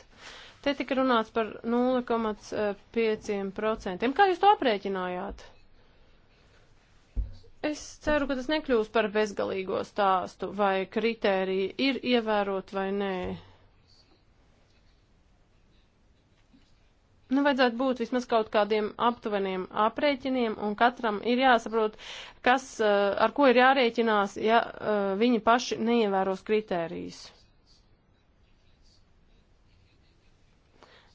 S1: Te tika runāts par 0,5%. Eh, Kā jūs to aprēķinājāt? Es ceru, ka tas nekļūs par bezgalīgo stāstu, vai kritēriji ir ievērot vai nē. Nu, vajadzētu būt vismaz kaut kādiem aptuveniem aprēķiniem, un katram ir jāsaprot, kas, eh, ar ko ir jārēķinās, ja eh, viņi paši neievēros kritērijus.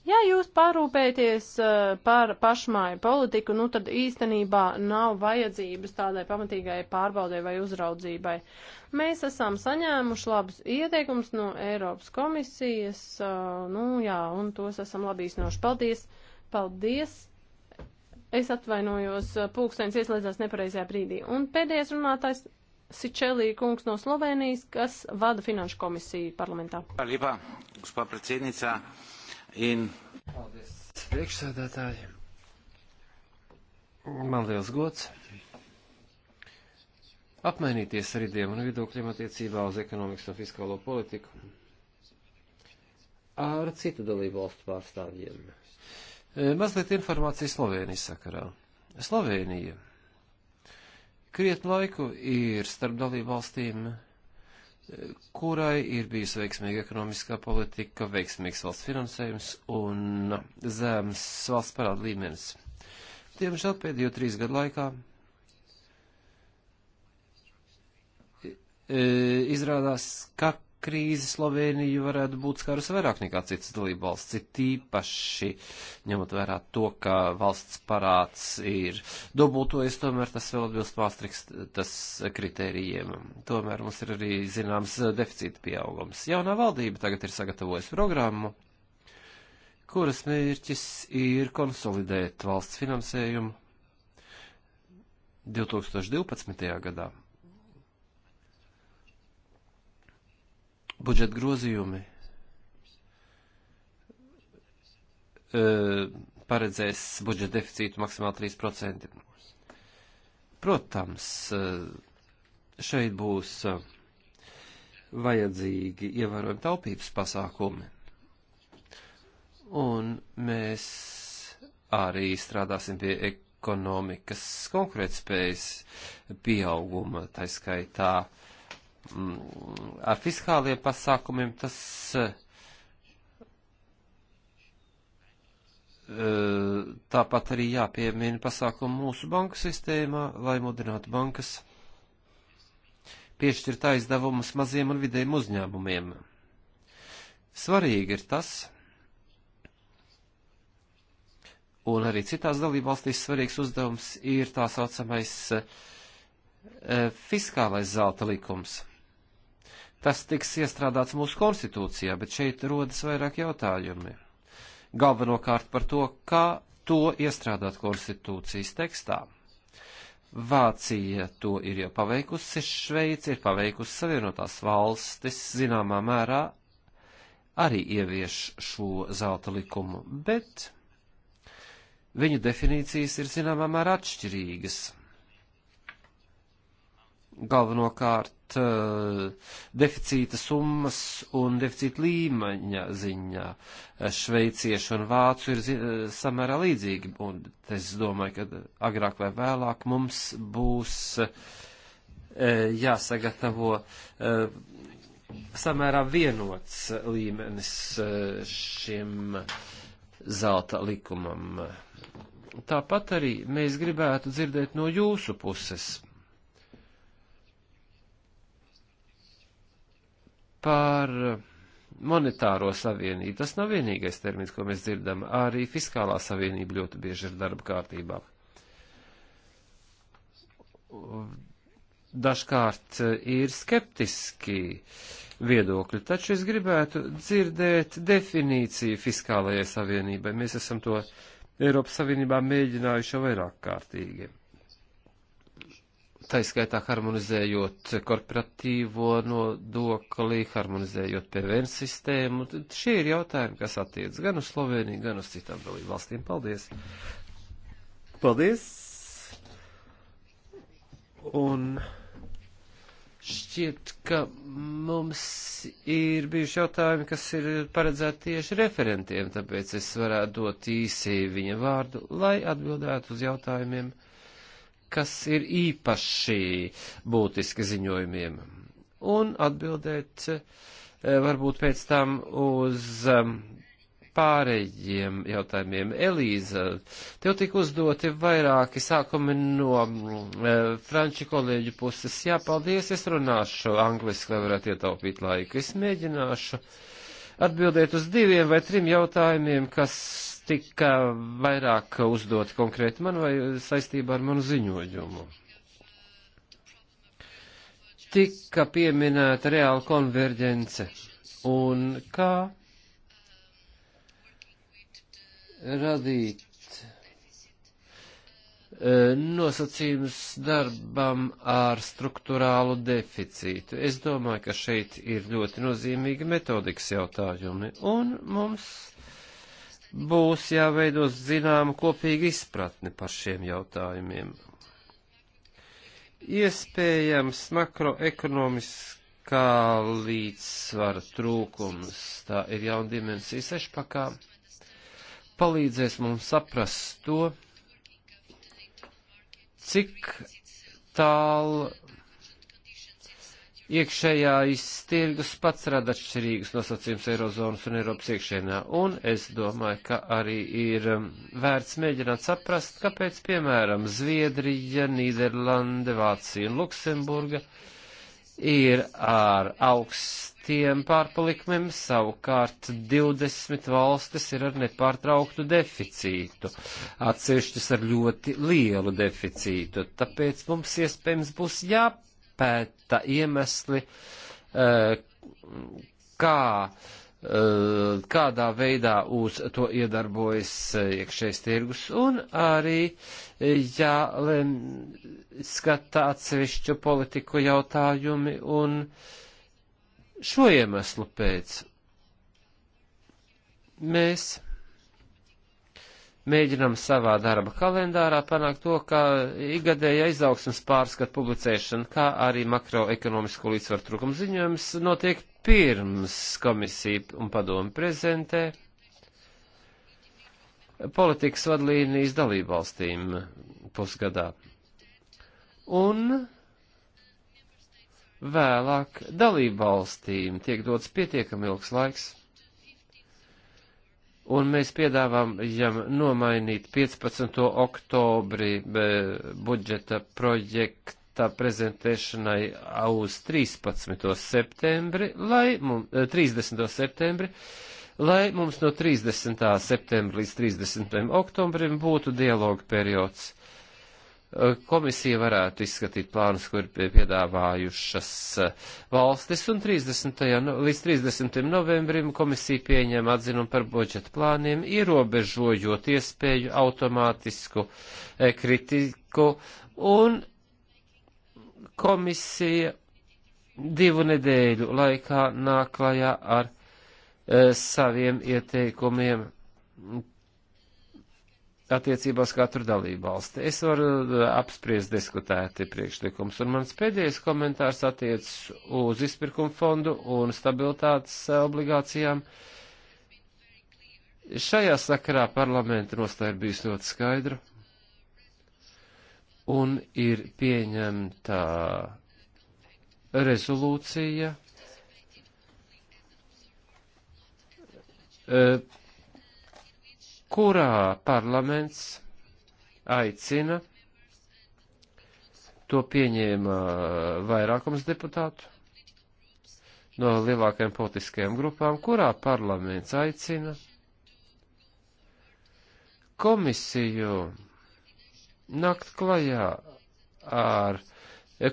S1: Ja jūs parūpēties eh, par pašmāju politiku, nu tad īstenībā nav vajadzības tādai pamatīgai pārbaudē vai uzraudzībai. Mēs esam saņēmuši labus ieteikumus no Eiropas komisijas, eh, nu jā, un tos esam labi iznoši. Paldies! Paldies! Es atvainojos, eh, pulkstenis ieslēdzās nepareizajā brīdī. Un pēdējais runātājs Sičelī kungs no Slovenijas, kas vada finanšu komisiju parlamentā.
S2: Hvala lepa, gospa predsednica in. Paldies, priekšsēdētāji. Man liels gods apmainīties ar idejām un viedokļiem attiecībā uz ekonomikas un fiskālo politiku ar citu dalību valstu pārstāvjiem. E, mazliet informācijas Slovenijas sakarā. Slovenija krietnu laiku ir starp dalību valstīm kurai ir bijusi veiksmīga ekonomiskā politika, veiksmīgs valsts finansējums un zemes valsts parāda līmenis. Diemžēl pēdējo trīs gadu laikā izrādās, ka krīzi Sloveniju varētu būt skarus vairāk nekā citas dalībvalsts, ir tīpaši ņemot vērā to, ka valsts parāds ir dubultojies, tomēr tas vēl atbilst pārstriks tas kritērijiem. Tomēr mums ir arī zināms deficīta pieaugums. Jaunā valdība tagad ir sagatavojusi programmu, kuras mērķis ir konsolidēt valsts finansējumu 2012. gadā. budžeta grozījumi e, paredzēs budžeta deficītu maksimāli 3%. Protams, e, šeit būs e, vajadzīgi ievērojami taupības pasākumi. Un mēs arī strādāsim pie ekonomikas konkurētspējas pieauguma, taiskaitā uh, Mm, ar fiskāliem pasākumiem tas eh, tāpat arī jāpiemina pasākumu mūsu banku sistēmā, lai mudinātu bankas piešķirt aizdevumus maziem un vidējiem uzņēmumiem. Svarīgi ir tas, un arī citās dalībvalstīs svarīgs uzdevums ir tā saucamais eh, fiskālais zelta likums tas tiks iestrādāts mūsu konstitūcijā, bet šeit rodas vairāk jautājumi. Galvenokārt par to, kā to iestrādāt konstitūcijas tekstā. Vācija to ir jau paveikusi, Šveica ir paveikusi Savienotās valstis, zināmā mērā arī ievieš šo zelta likumu, bet viņu definīcijas ir zināmā mērā atšķirīgas galvenokārt eh, deficīta summas un deficīta līmeņa ziņā. Eh, šveicieši un vācu ir eh, samērā līdzīgi, un es domāju, ka agrāk vai vēlāk mums būs jāsagatavo samērā vienots līmenis šim zelta likumam. Tāpat arī mēs gribētu dzirdēt no jūsu puses par monetāro savienību. Tas nav vienīgais termins, ko mēs dzirdam. Arī fiskālā savienība ļoti bieži ir darba kārtībā. Dažkārt ir skeptiski viedokļi, taču es gribētu dzirdēt definīciju fiskālajai savienībai. Mēs esam to Eiropas Savienībā mēģinājuši vairāk kārtīgi taiskaitā harmonizējot korporatīvo nodokli, harmonizējot PVN sistēmu. Šie ir jautājumi, kas attiec gan uz Sloveniju, gan uz citām dalību valstīm. Paldies! Paldies! Un šķiet, ka mums ir bijuši jautājumi, kas ir paredzēti tieši referentiem, tāpēc es varētu dot īsi viņa vārdu, lai atbildētu uz jautājumiem kas ir īpaši būtiski ziņojumiem. Un atbildēt eh, varbūt pēc tam uz eh, pārējiem jautājumiem. Elīza, tev tika uzdoti vairāki sākumi no mm, eh, franču kolēģu puses. Jā, paldies, es runāšu angliski, lai varētu ietaupīt laiku. Es mēģināšu atbildēt uz diviem vai trim jautājumiem, kas tika vairāk uzdoti konkrēti man vai saistībā ar manu ziņojumu. Tika pieminēta reāla konverģence un kā radīt e, nosacījums darbam ar struktūrālu deficītu. Es domāju, ka šeit ir ļoti nozīmīgi metodikas jautājumi, un mums būs jāveido zināma kopīga izpratne par šiem jautājumiem. Iespējams, makroekonomiskā līdzsvara trūkums, tā ir jauna dimensija sešpakā, palīdzēs mums saprast to, cik tālu iekšējais tirgus pats rada atšķirīgus nosacījumus Eirozonas un Eiropas iekšēnā. Un es domāju, ka arī ir um, vērts mēģināt saprast, kāpēc, piemēram, Zviedrija, Nīderlande, Vācija un Luksemburga ir ar augstiem pārpalikumiem, savukārt 20 valstis ir ar nepārtrauktu deficītu, atsevišķas ar ļoti lielu deficītu. Tāpēc mums iespējams būs jāpārāk jāpēta iemesli, eh, kā, eh, kādā veidā uz to iedarbojas eh, iekšējais tirgus, un arī jāskata atsevišķu politiku jautājumi un šo iemeslu pēc. Mēs mēģinam savā darba kalendārā panākt to, ka igadēja izaugsmas pārskatu publicēšana, kā arī makroekonomisko līdzsvaru trūkuma ziņojums notiek pirms komisija un padomu prezentē politikas vadlīnijas dalībvalstīm pusgadā. Un vēlāk dalībvalstīm tiek dots pietiekami ilgs laiks Un mēs piedāvājam nomainīt 15. oktobri budžeta projekta prezentēšanai uz 13. septembri, lai mums, eh, 30. septembri, lai mums no 30. septembra līdz 30. oktobrim būtu dialoga periods komisija varētu izskatīt plānus, kur piedāvājušas eh, valstis, un 30. No, līdz 30. novembrim komisija pieņem atzinumu par budžeta plāniem, ierobežojot iespēju automātisku eh, kritiku, un komisija divu nedēļu laikā nāk klajā ar e, saviem ieteikumiem attiecībās katru dalību valsti. Es varu uh, apspriest diskutēti priekšlikums, un mans pēdējais komentārs attiec uz izpirkumu fondu un stabilitātes uh, obligācijām. Šajā sakarā parlamenta nostāja ir bijusi ļoti skaidra un ir pieņemta rezolūcija. E, kurā parlaments aicina, to pieņēma uh, vairākums deputātu no lielākajām politiskajām grupām, kurā parlaments aicina komisiju nakt klajā ar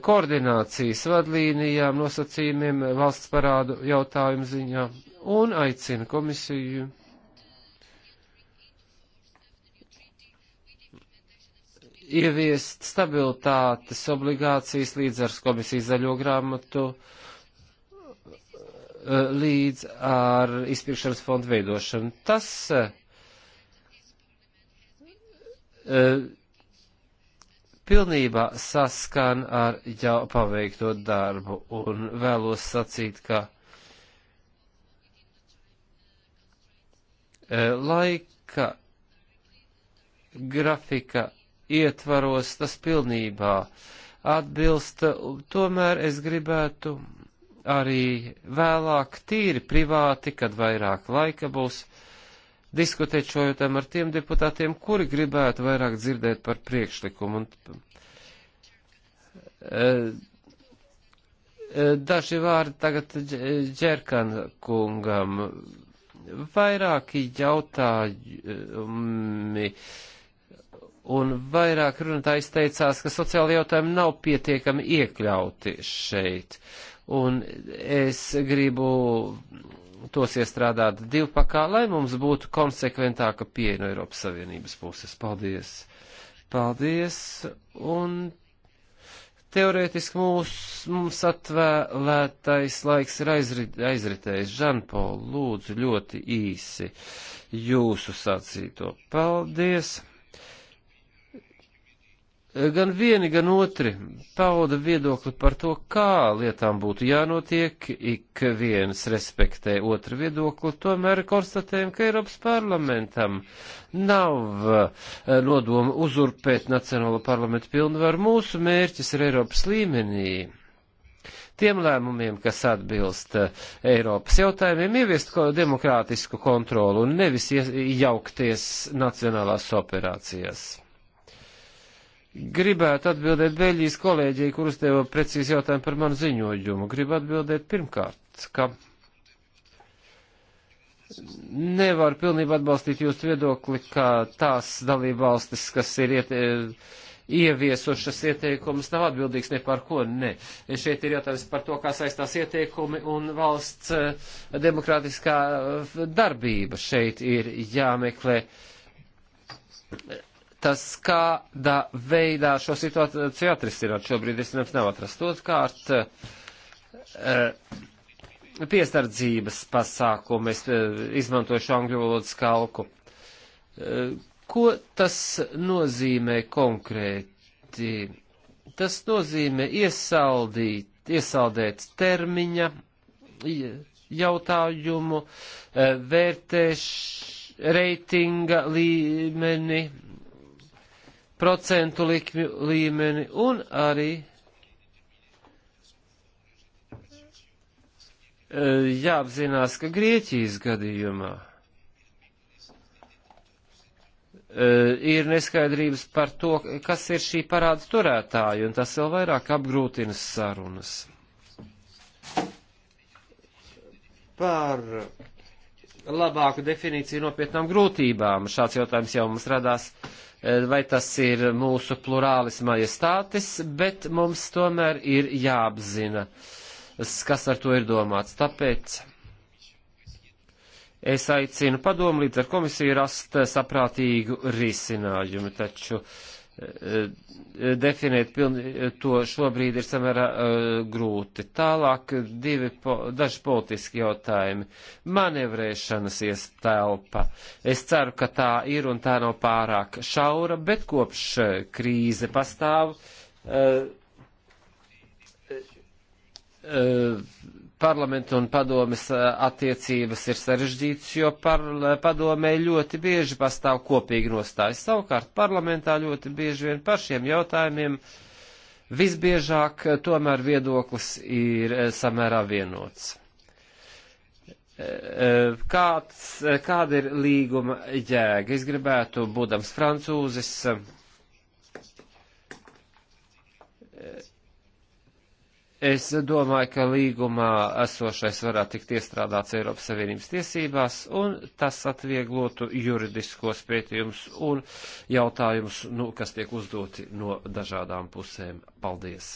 S2: koordinācijas vadlīnijām, nosacījumiem valsts parādu jautājumu ziņā un aicina komisiju ieviest stabilitātes obligācijas līdz ar komisijas zaļo grāmatu, eh, līdz ar izpirkšanas fondu veidošanu. Tas eh, pilnībā saskan ar jau paveikto darbu un vēlos sacīt, ka eh, laika grafika ietvaros tas pilnībā atbilst. Tomēr es gribētu arī vēlāk tīri privāti, kad vairāk laika būs, diskutēt šo jautājumu ar tiem deputātiem, kuri gribētu vairāk dzirdēt par priekšlikumu. Un, e, e, daži vārdi tagad Džerkana kungam. Vairāki jautājumi. Um, un vairāk runātājs teicās, ka sociāli jautājumi nav pietiekami iekļauti šeit. Un es gribu tos iestrādāt divpakā, lai mums būtu konsekventāka pieeja no Eiropas Savienības puses. Paldies! Paldies! Un teorētiski mūs, mums atvēlētais laiks ir aizrit, aizritējis. Žanpol, lūdzu ļoti īsi jūsu sacīto. Paldies! Gan vieni, gan otri pauda viedokli par to, kā lietām būtu jānotiek, ik viens respektē otru viedokli, tomēr konstatējam, ka Eiropas parlamentam nav eh, nodoma uzurpēt Nacionālo parlamentu pilnvaru. Mūsu mērķis ir Eiropas līmenī tiem lēmumiem, kas atbilst eh, Eiropas jautājumiem, ieviest demokrātisku kontrolu un nevis iejaukties nacionālās operācijās. Gribētu atbildēt Beļģijas kolēģijai, kurus tev precīzi jautājumu par manu ziņojumu. Gribu atbildēt pirmkārt, ka nevar pilnībā atbalstīt jūsu viedokli, ka tās dalībvalstis, kas ir iet, ieviesušas ieteikumus, nav atbildīgs ne par ko. Ne. Šeit ir jautājums par to, kā saistās ieteikumi un valsts eh, demokrātiskā eh, darbība. Šeit ir jāmeklē tas, kādā veidā šo situāciju atrisināt. Šobrīd risinājums nav atrast. Otkārt, eh, piesardzības pasākumu, es eh, izmantošu angļu valodas kalku. Eh, ko tas nozīmē konkrēti? Tas nozīmē iesaldīt, iesaldēt termiņa jautājumu, vērtēš reitinga līmeni, procentu likmju līmeni un arī e, jāapzinās, ka Grieķijas gadījumā e, ir neskaidrības par to, kas ir šī parāda turētāja, un tas vēl vairāk apgrūtina sarunas. Par labāku definīciju nopietnām grūtībām šāds jautājums jau mums radās uh, Eh, vai tas ir mūsu plurālis majestātis, bet mums tomēr ir jāapzina, kas ar to ir domāts. Tāpēc es aicinu padomu līdz ar komisiju rast saprātīgu risinājumu, taču uh, Eh, definēt pilni, eh, to šobrīd ir samērā uh, grūti. Tālāk divi po, daži politiski jautājumi. Manevrēšanas iestelpa. Es ceru, ka tā ir un tā nav pārāk šaura, bet kopš krīze pastāv. Uh, uh, parlamenta un padomes eh, attiecības ir sarežģītas, jo par, eh, padomē ļoti bieži pastāv kopīgi nostājas. Savukārt parlamentā ļoti bieži vien par šiem jautājumiem visbiežāk eh, tomēr viedoklis ir samērā vienots. Kāds, kāda ir līguma jēga? Es gribētu, būdams francūzis, Es domāju, ka līgumā esošais varētu tikt iestrādāts Eiropas Savienības tiesībās, un tas atvieglotu juridiskos pētījumus un jautājumus, nu, kas tiek uzdoti no dažādām pusēm. Paldies!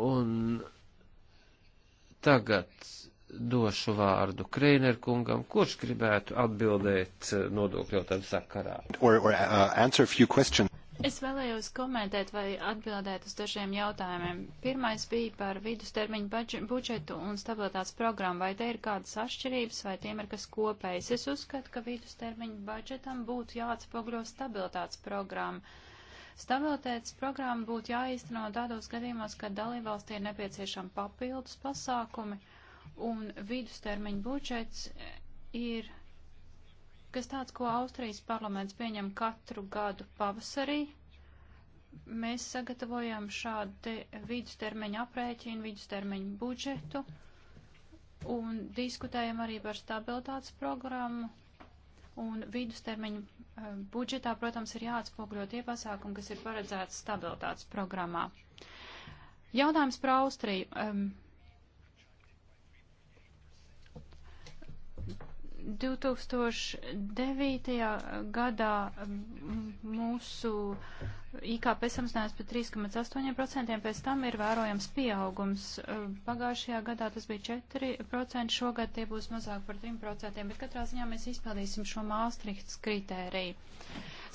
S2: Un tagad došu vārdu Kreiner kungam, kurš gribētu atbildēt nodokļu jautājumu sakarā. Or, or, uh,
S3: Es vēlējos komentēt vai atbildēt uz dažiem jautājumiem. Pirmais bija par vidustermiņu budžetu un stabilitātes programmu. Vai te ir kādas atšķirības vai tiem ir kas kopējs? Es uzskatu, ka vidustermiņu budžetam būtu jāatspogļo stabilitātes programma. Stabilitātes programma būtu jāīsteno tādos gadījumos, kad dalībvalstī ir nepieciešama papildus pasākumi un vidustermiņu budžets ir kas tāds, ko Austrijas parlaments pieņem katru gadu pavasarī. Mēs sagatavojam šādu vidustermiņa aprēķinu, vidustermiņa budžetu un diskutējam arī par stabilitātes programmu. Un vidustermiņa eh, budžetā, protams, ir jāatspogļo tie pasākumi, kas ir paredzēti stabilitātes programmā. Jautājums par Austriju. Um, 2009. gadā mūsu IKP samazinājās par 3,8%, pēc tam ir vērojams pieaugums. Pagājušajā gadā tas bija 4%, šogad tie būs mazāk par 3%, bet katrā ziņā mēs izpildīsim šo Māstrihtas kritēriju.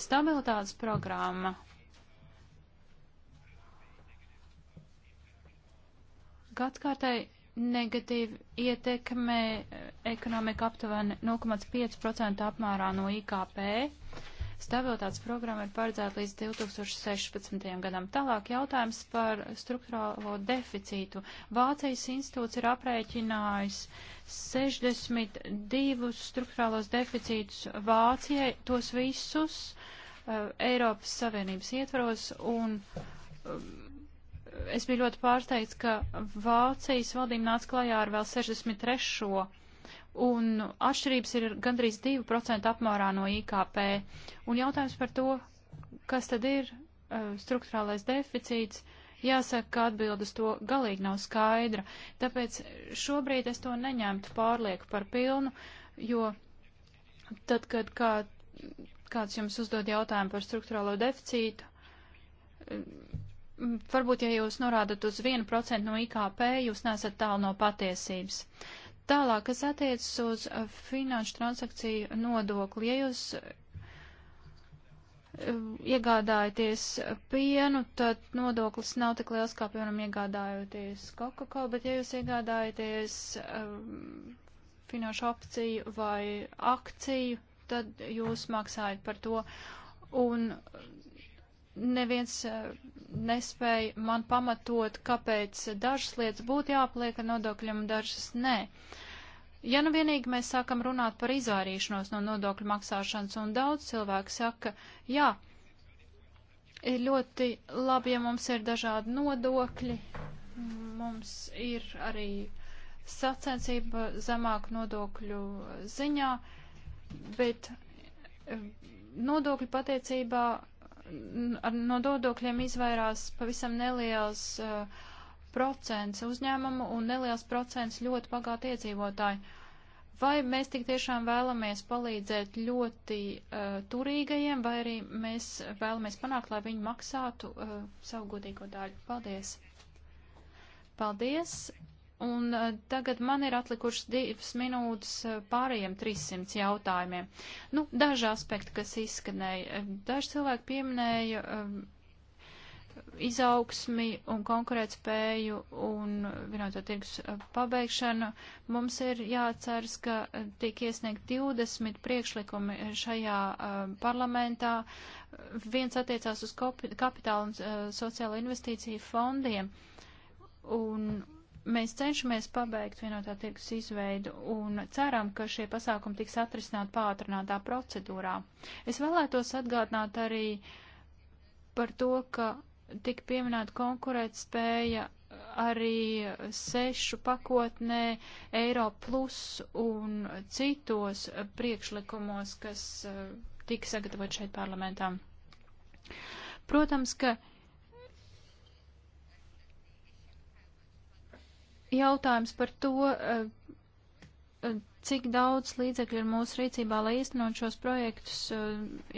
S3: Stabilitātes programma. Gadskārtai negatīvi ietekmē eh, ekonomika aptuveni 0,5% apmērā no IKP. Stabilitātes programma ir paredzēta līdz 2016. gadam. Tālāk jautājums par struktūrālo deficītu. Vācijas institūts ir aprēķinājis 62 struktūrālos deficītus Vācijai, tos visus uh, Eiropas Savienības ietvaros un uh, es biju ļoti pārsteigts, ka Vācijas valdība nāca klajā ar vēl 63. Un atšķirības ir gandrīz 2% apmērā no IKP. Un jautājums par to, kas tad ir uh, struktūrālais deficīts, jāsaka, ka atbild uz to galīgi nav skaidra. Tāpēc šobrīd es to neņemtu pārlieku par pilnu, jo tad, kad kā, kāds jums uzdod jautājumu par struktūrālo deficītu, Mm, varbūt, ja jūs norādat uz 1% no IKP, jūs nesat tālu no patiesības. Tālāk, kas attiecas uz uh, finanšu transakciju nodokli, ja jūs uh, iegādājaties pienu, tad nodoklis nav tik liels kā, piemēram, iegādājoties Coca-Cola, bet ja jūs iegādājaties um, finanšu opciju vai akciju, tad jūs maksājat par to. Un neviens eh, nespēja man pamatot, kāpēc dažas lietas būtu jāpliek ar nodokļiem un dažas nē. Ja nu vienīgi mēs sākam runāt par izvairīšanos no nodokļu maksāšanas, un daudz cilvēku saka, jā, ir ļoti labi, ja mums ir dažādi nodokļi, mums ir arī sacensība zemāku nodokļu ziņā, bet eh, nodokļu patiecībā no dodokļiem izvairās pavisam neliels uh, procents uzņēmumu un neliels procents ļoti bagāti iedzīvotāji. Vai mēs tik tiešām vēlamies palīdzēt ļoti uh, turīgajiem, vai arī mēs vēlamies panākt, lai viņi maksātu uh, savu godīgo daļu? Paldies! Paldies! Un eh, tagad man ir atlikušas divas minūtes eh, pārējiem 300 jautājumiem. Nu, daži aspekti, kas izskanēja. Eh, daži cilvēki pieminēja izaugsmi un konkurētspēju un vienotā tirgus pabeigšanu, mums ir jāatceras, ka tiek iesniegt 20 priekšlikumi šajā um, parlamentā. Viens attiecās uz kapitāla un uh, sociāla investīciju fondiem. Un, Mēs cenšamies pabeigt vienotā tirgus izveidu un ceram, ka šie pasākumi tiks atrisināt pātrinātā procedūrā. Es vēlētos atgādināt arī par to, ka tik pieminēta konkurētspēja arī sešu pakotnē Eiro plus un citos priekšlikumos, kas eh, tika sagatavot šeit parlamentā. Protams, ka jautājums par to, eh, cik daudz līdzekļu ir mūsu rīcībā, lai īstenot šos projektus, eh,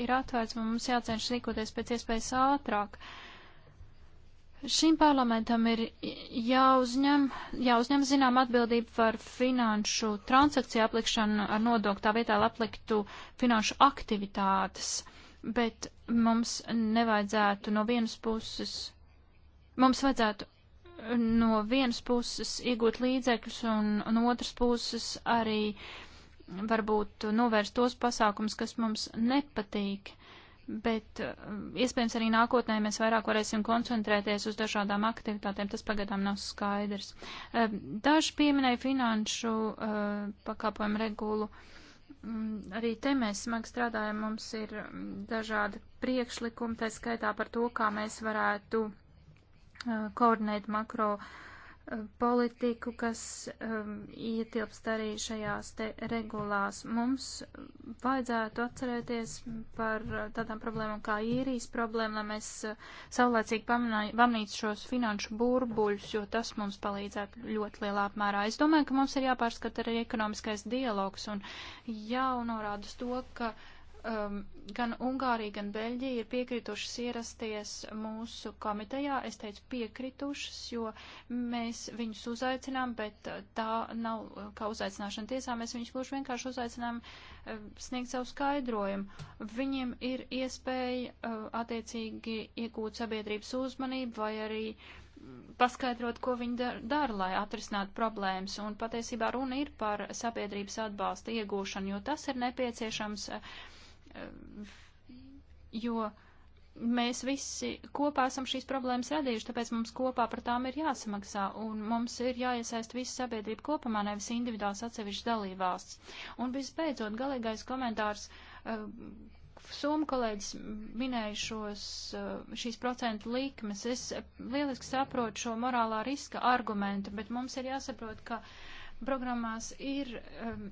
S3: ir atvērts, un mums jācenšas rīkoties pēc iespējas ātrāk. Šim parlamentam ir jāuzņem, jāuzņem zinām atbildība par finanšu transakciju aplikšanu ar nodokli tā vietā, lai apliktu finanšu aktivitātes, bet mums nevajadzētu no vienas puses, mums vajadzētu no vienas puses iegūt līdzekļus un no otras puses arī varbūt novērst tos pasākums, kas mums nepatīk. Bet eh, iespējams arī nākotnē mēs vairāk varēsim koncentrēties uz dažādām aktivitātēm, tas pagadām nav skaidrs. Eh, daži pieminēja finanšu eh, pakāpojumu regulu. Mm, arī te mēs smagi strādājam, mums ir mm, dažādi priekšlikumi, tā skaitā par to, kā mēs varētu Uh, koordinēt makro uh, politiku, kas um, ietilpst arī šajās te regulās. Mums vajadzētu atcerēties par uh, tādām problēmām kā īrijas problēma, lai mēs saulēcīgi pamanītu šos finanšu burbuļus, jo tas mums palīdzētu ļoti lielā apmērā. Es domāju, ka mums ir jāpārskata arī ekonomiskais dialogs un jau norādas to, ka uh, um, gan Ungārija, gan Beļģija ir piekritušas ierasties mūsu komitejā. Es teicu piekritušas, jo mēs viņus uzaicinām, bet uh, tā nav uh, kā uzaicināšana tiesā. Mēs viņus gluži vienkārši uzaicinām uh, sniegt savu skaidrojumu. Viņiem ir iespēja uh, attiecīgi iegūt sabiedrības uzmanību vai arī mm, paskaidrot, ko viņi dara, dar, lai atrisinātu problēmas. Un patiesībā runa ir par sabiedrības atbalsta iegūšanu, jo tas ir nepieciešams uh, jo mēs visi kopā esam šīs problēmas radījuši, tāpēc mums kopā par tām ir jāsamaksā, un mums ir jāiesaist visa sabiedrība kopumā, nevis individuāls atsevišķs dalībvalsts. Un visbeidzot, galīgais komentārs. Eh, Soma kolēģis minēja šos, eh, šīs procentu likmes. Es lieliski saprotu šo morālā riska argumentu, bet mums ir jāsaprot, ka programmās ir um,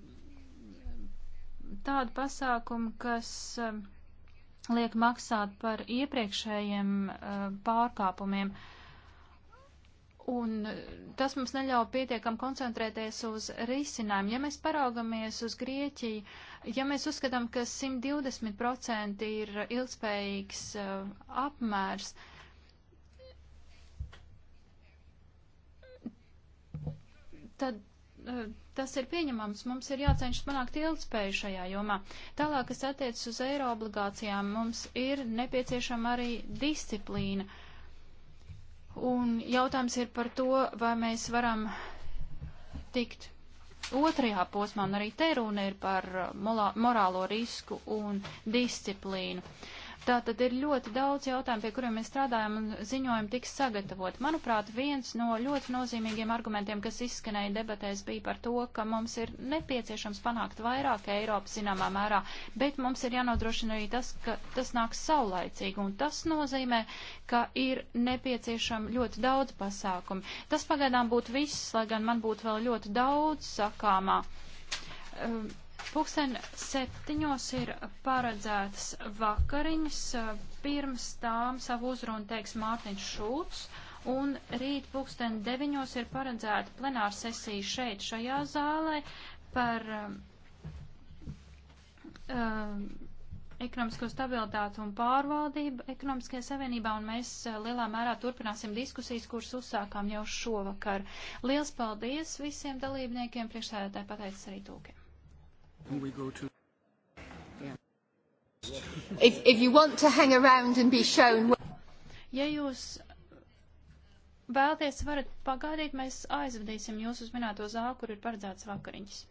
S3: tādu pasākumu, kas um, liek maksāt par iepriekšējiem um, pārkāpumiem. Un uh, tas mums neļauj pietiekam koncentrēties uz risinājumu. Ja mēs paraugamies uz Grieķiju, ja mēs uzskatām, ka 120% ir ilgspējīgs uh, apmērs, tad Eh, tas ir pieņemams. Mums ir jācenšas panākt ilgspēju šajā jomā. Tālāk, kas attiecas uz eiro obligācijām, mums ir nepieciešama arī disciplīna. Un jautājums ir par to, vai mēs varam tikt otrajā posmā, un arī te runa ir par eh, morālo risku un disciplīnu. Uh, Tā tad ir ļoti daudz jautājumu, pie kuriem mēs strādājam, un ziņojumi tiks sagatavot. Manuprāt, viens no ļoti nozīmīgiem argumentiem, kas izskanēja debatēs, bija par to, ka mums ir nepieciešams panākt vairāk Eiropas zināmā mērā, bet mums ir jānodrošina arī tas, ka tas nāks saulaicīgi, un tas nozīmē, ka ir nepieciešama ļoti daudz pasākumu. Tas pagaidām būtu viss, lai gan man būtu vēl ļoti daudz sakāmā. Um, Pūksteni septiņos ir paredzētas vakariņas, pirms tām savu uzrunu teiks Mārtiņš Šulcs, un rīt pūksteni deviņos ir paredzēta plenāra sesija šeit, šajā zālē, par um, um ekonomisko stabilitātu un pārvaldību ekonomiskajā savienībā, un mēs uh, lielā mērā turpināsim diskusijas, kuras uzsākām jau šovakar. Liels paldies visiem dalībniekiem, priekšsēdētāji pateicis arī tūkiem we go to if, if you want to hang around and be shown. Ja jūs vēlties, varat pagaidīt, mēs aizvedīsim jūs uz minēto zāli, kur ir paredzēts vakariņas.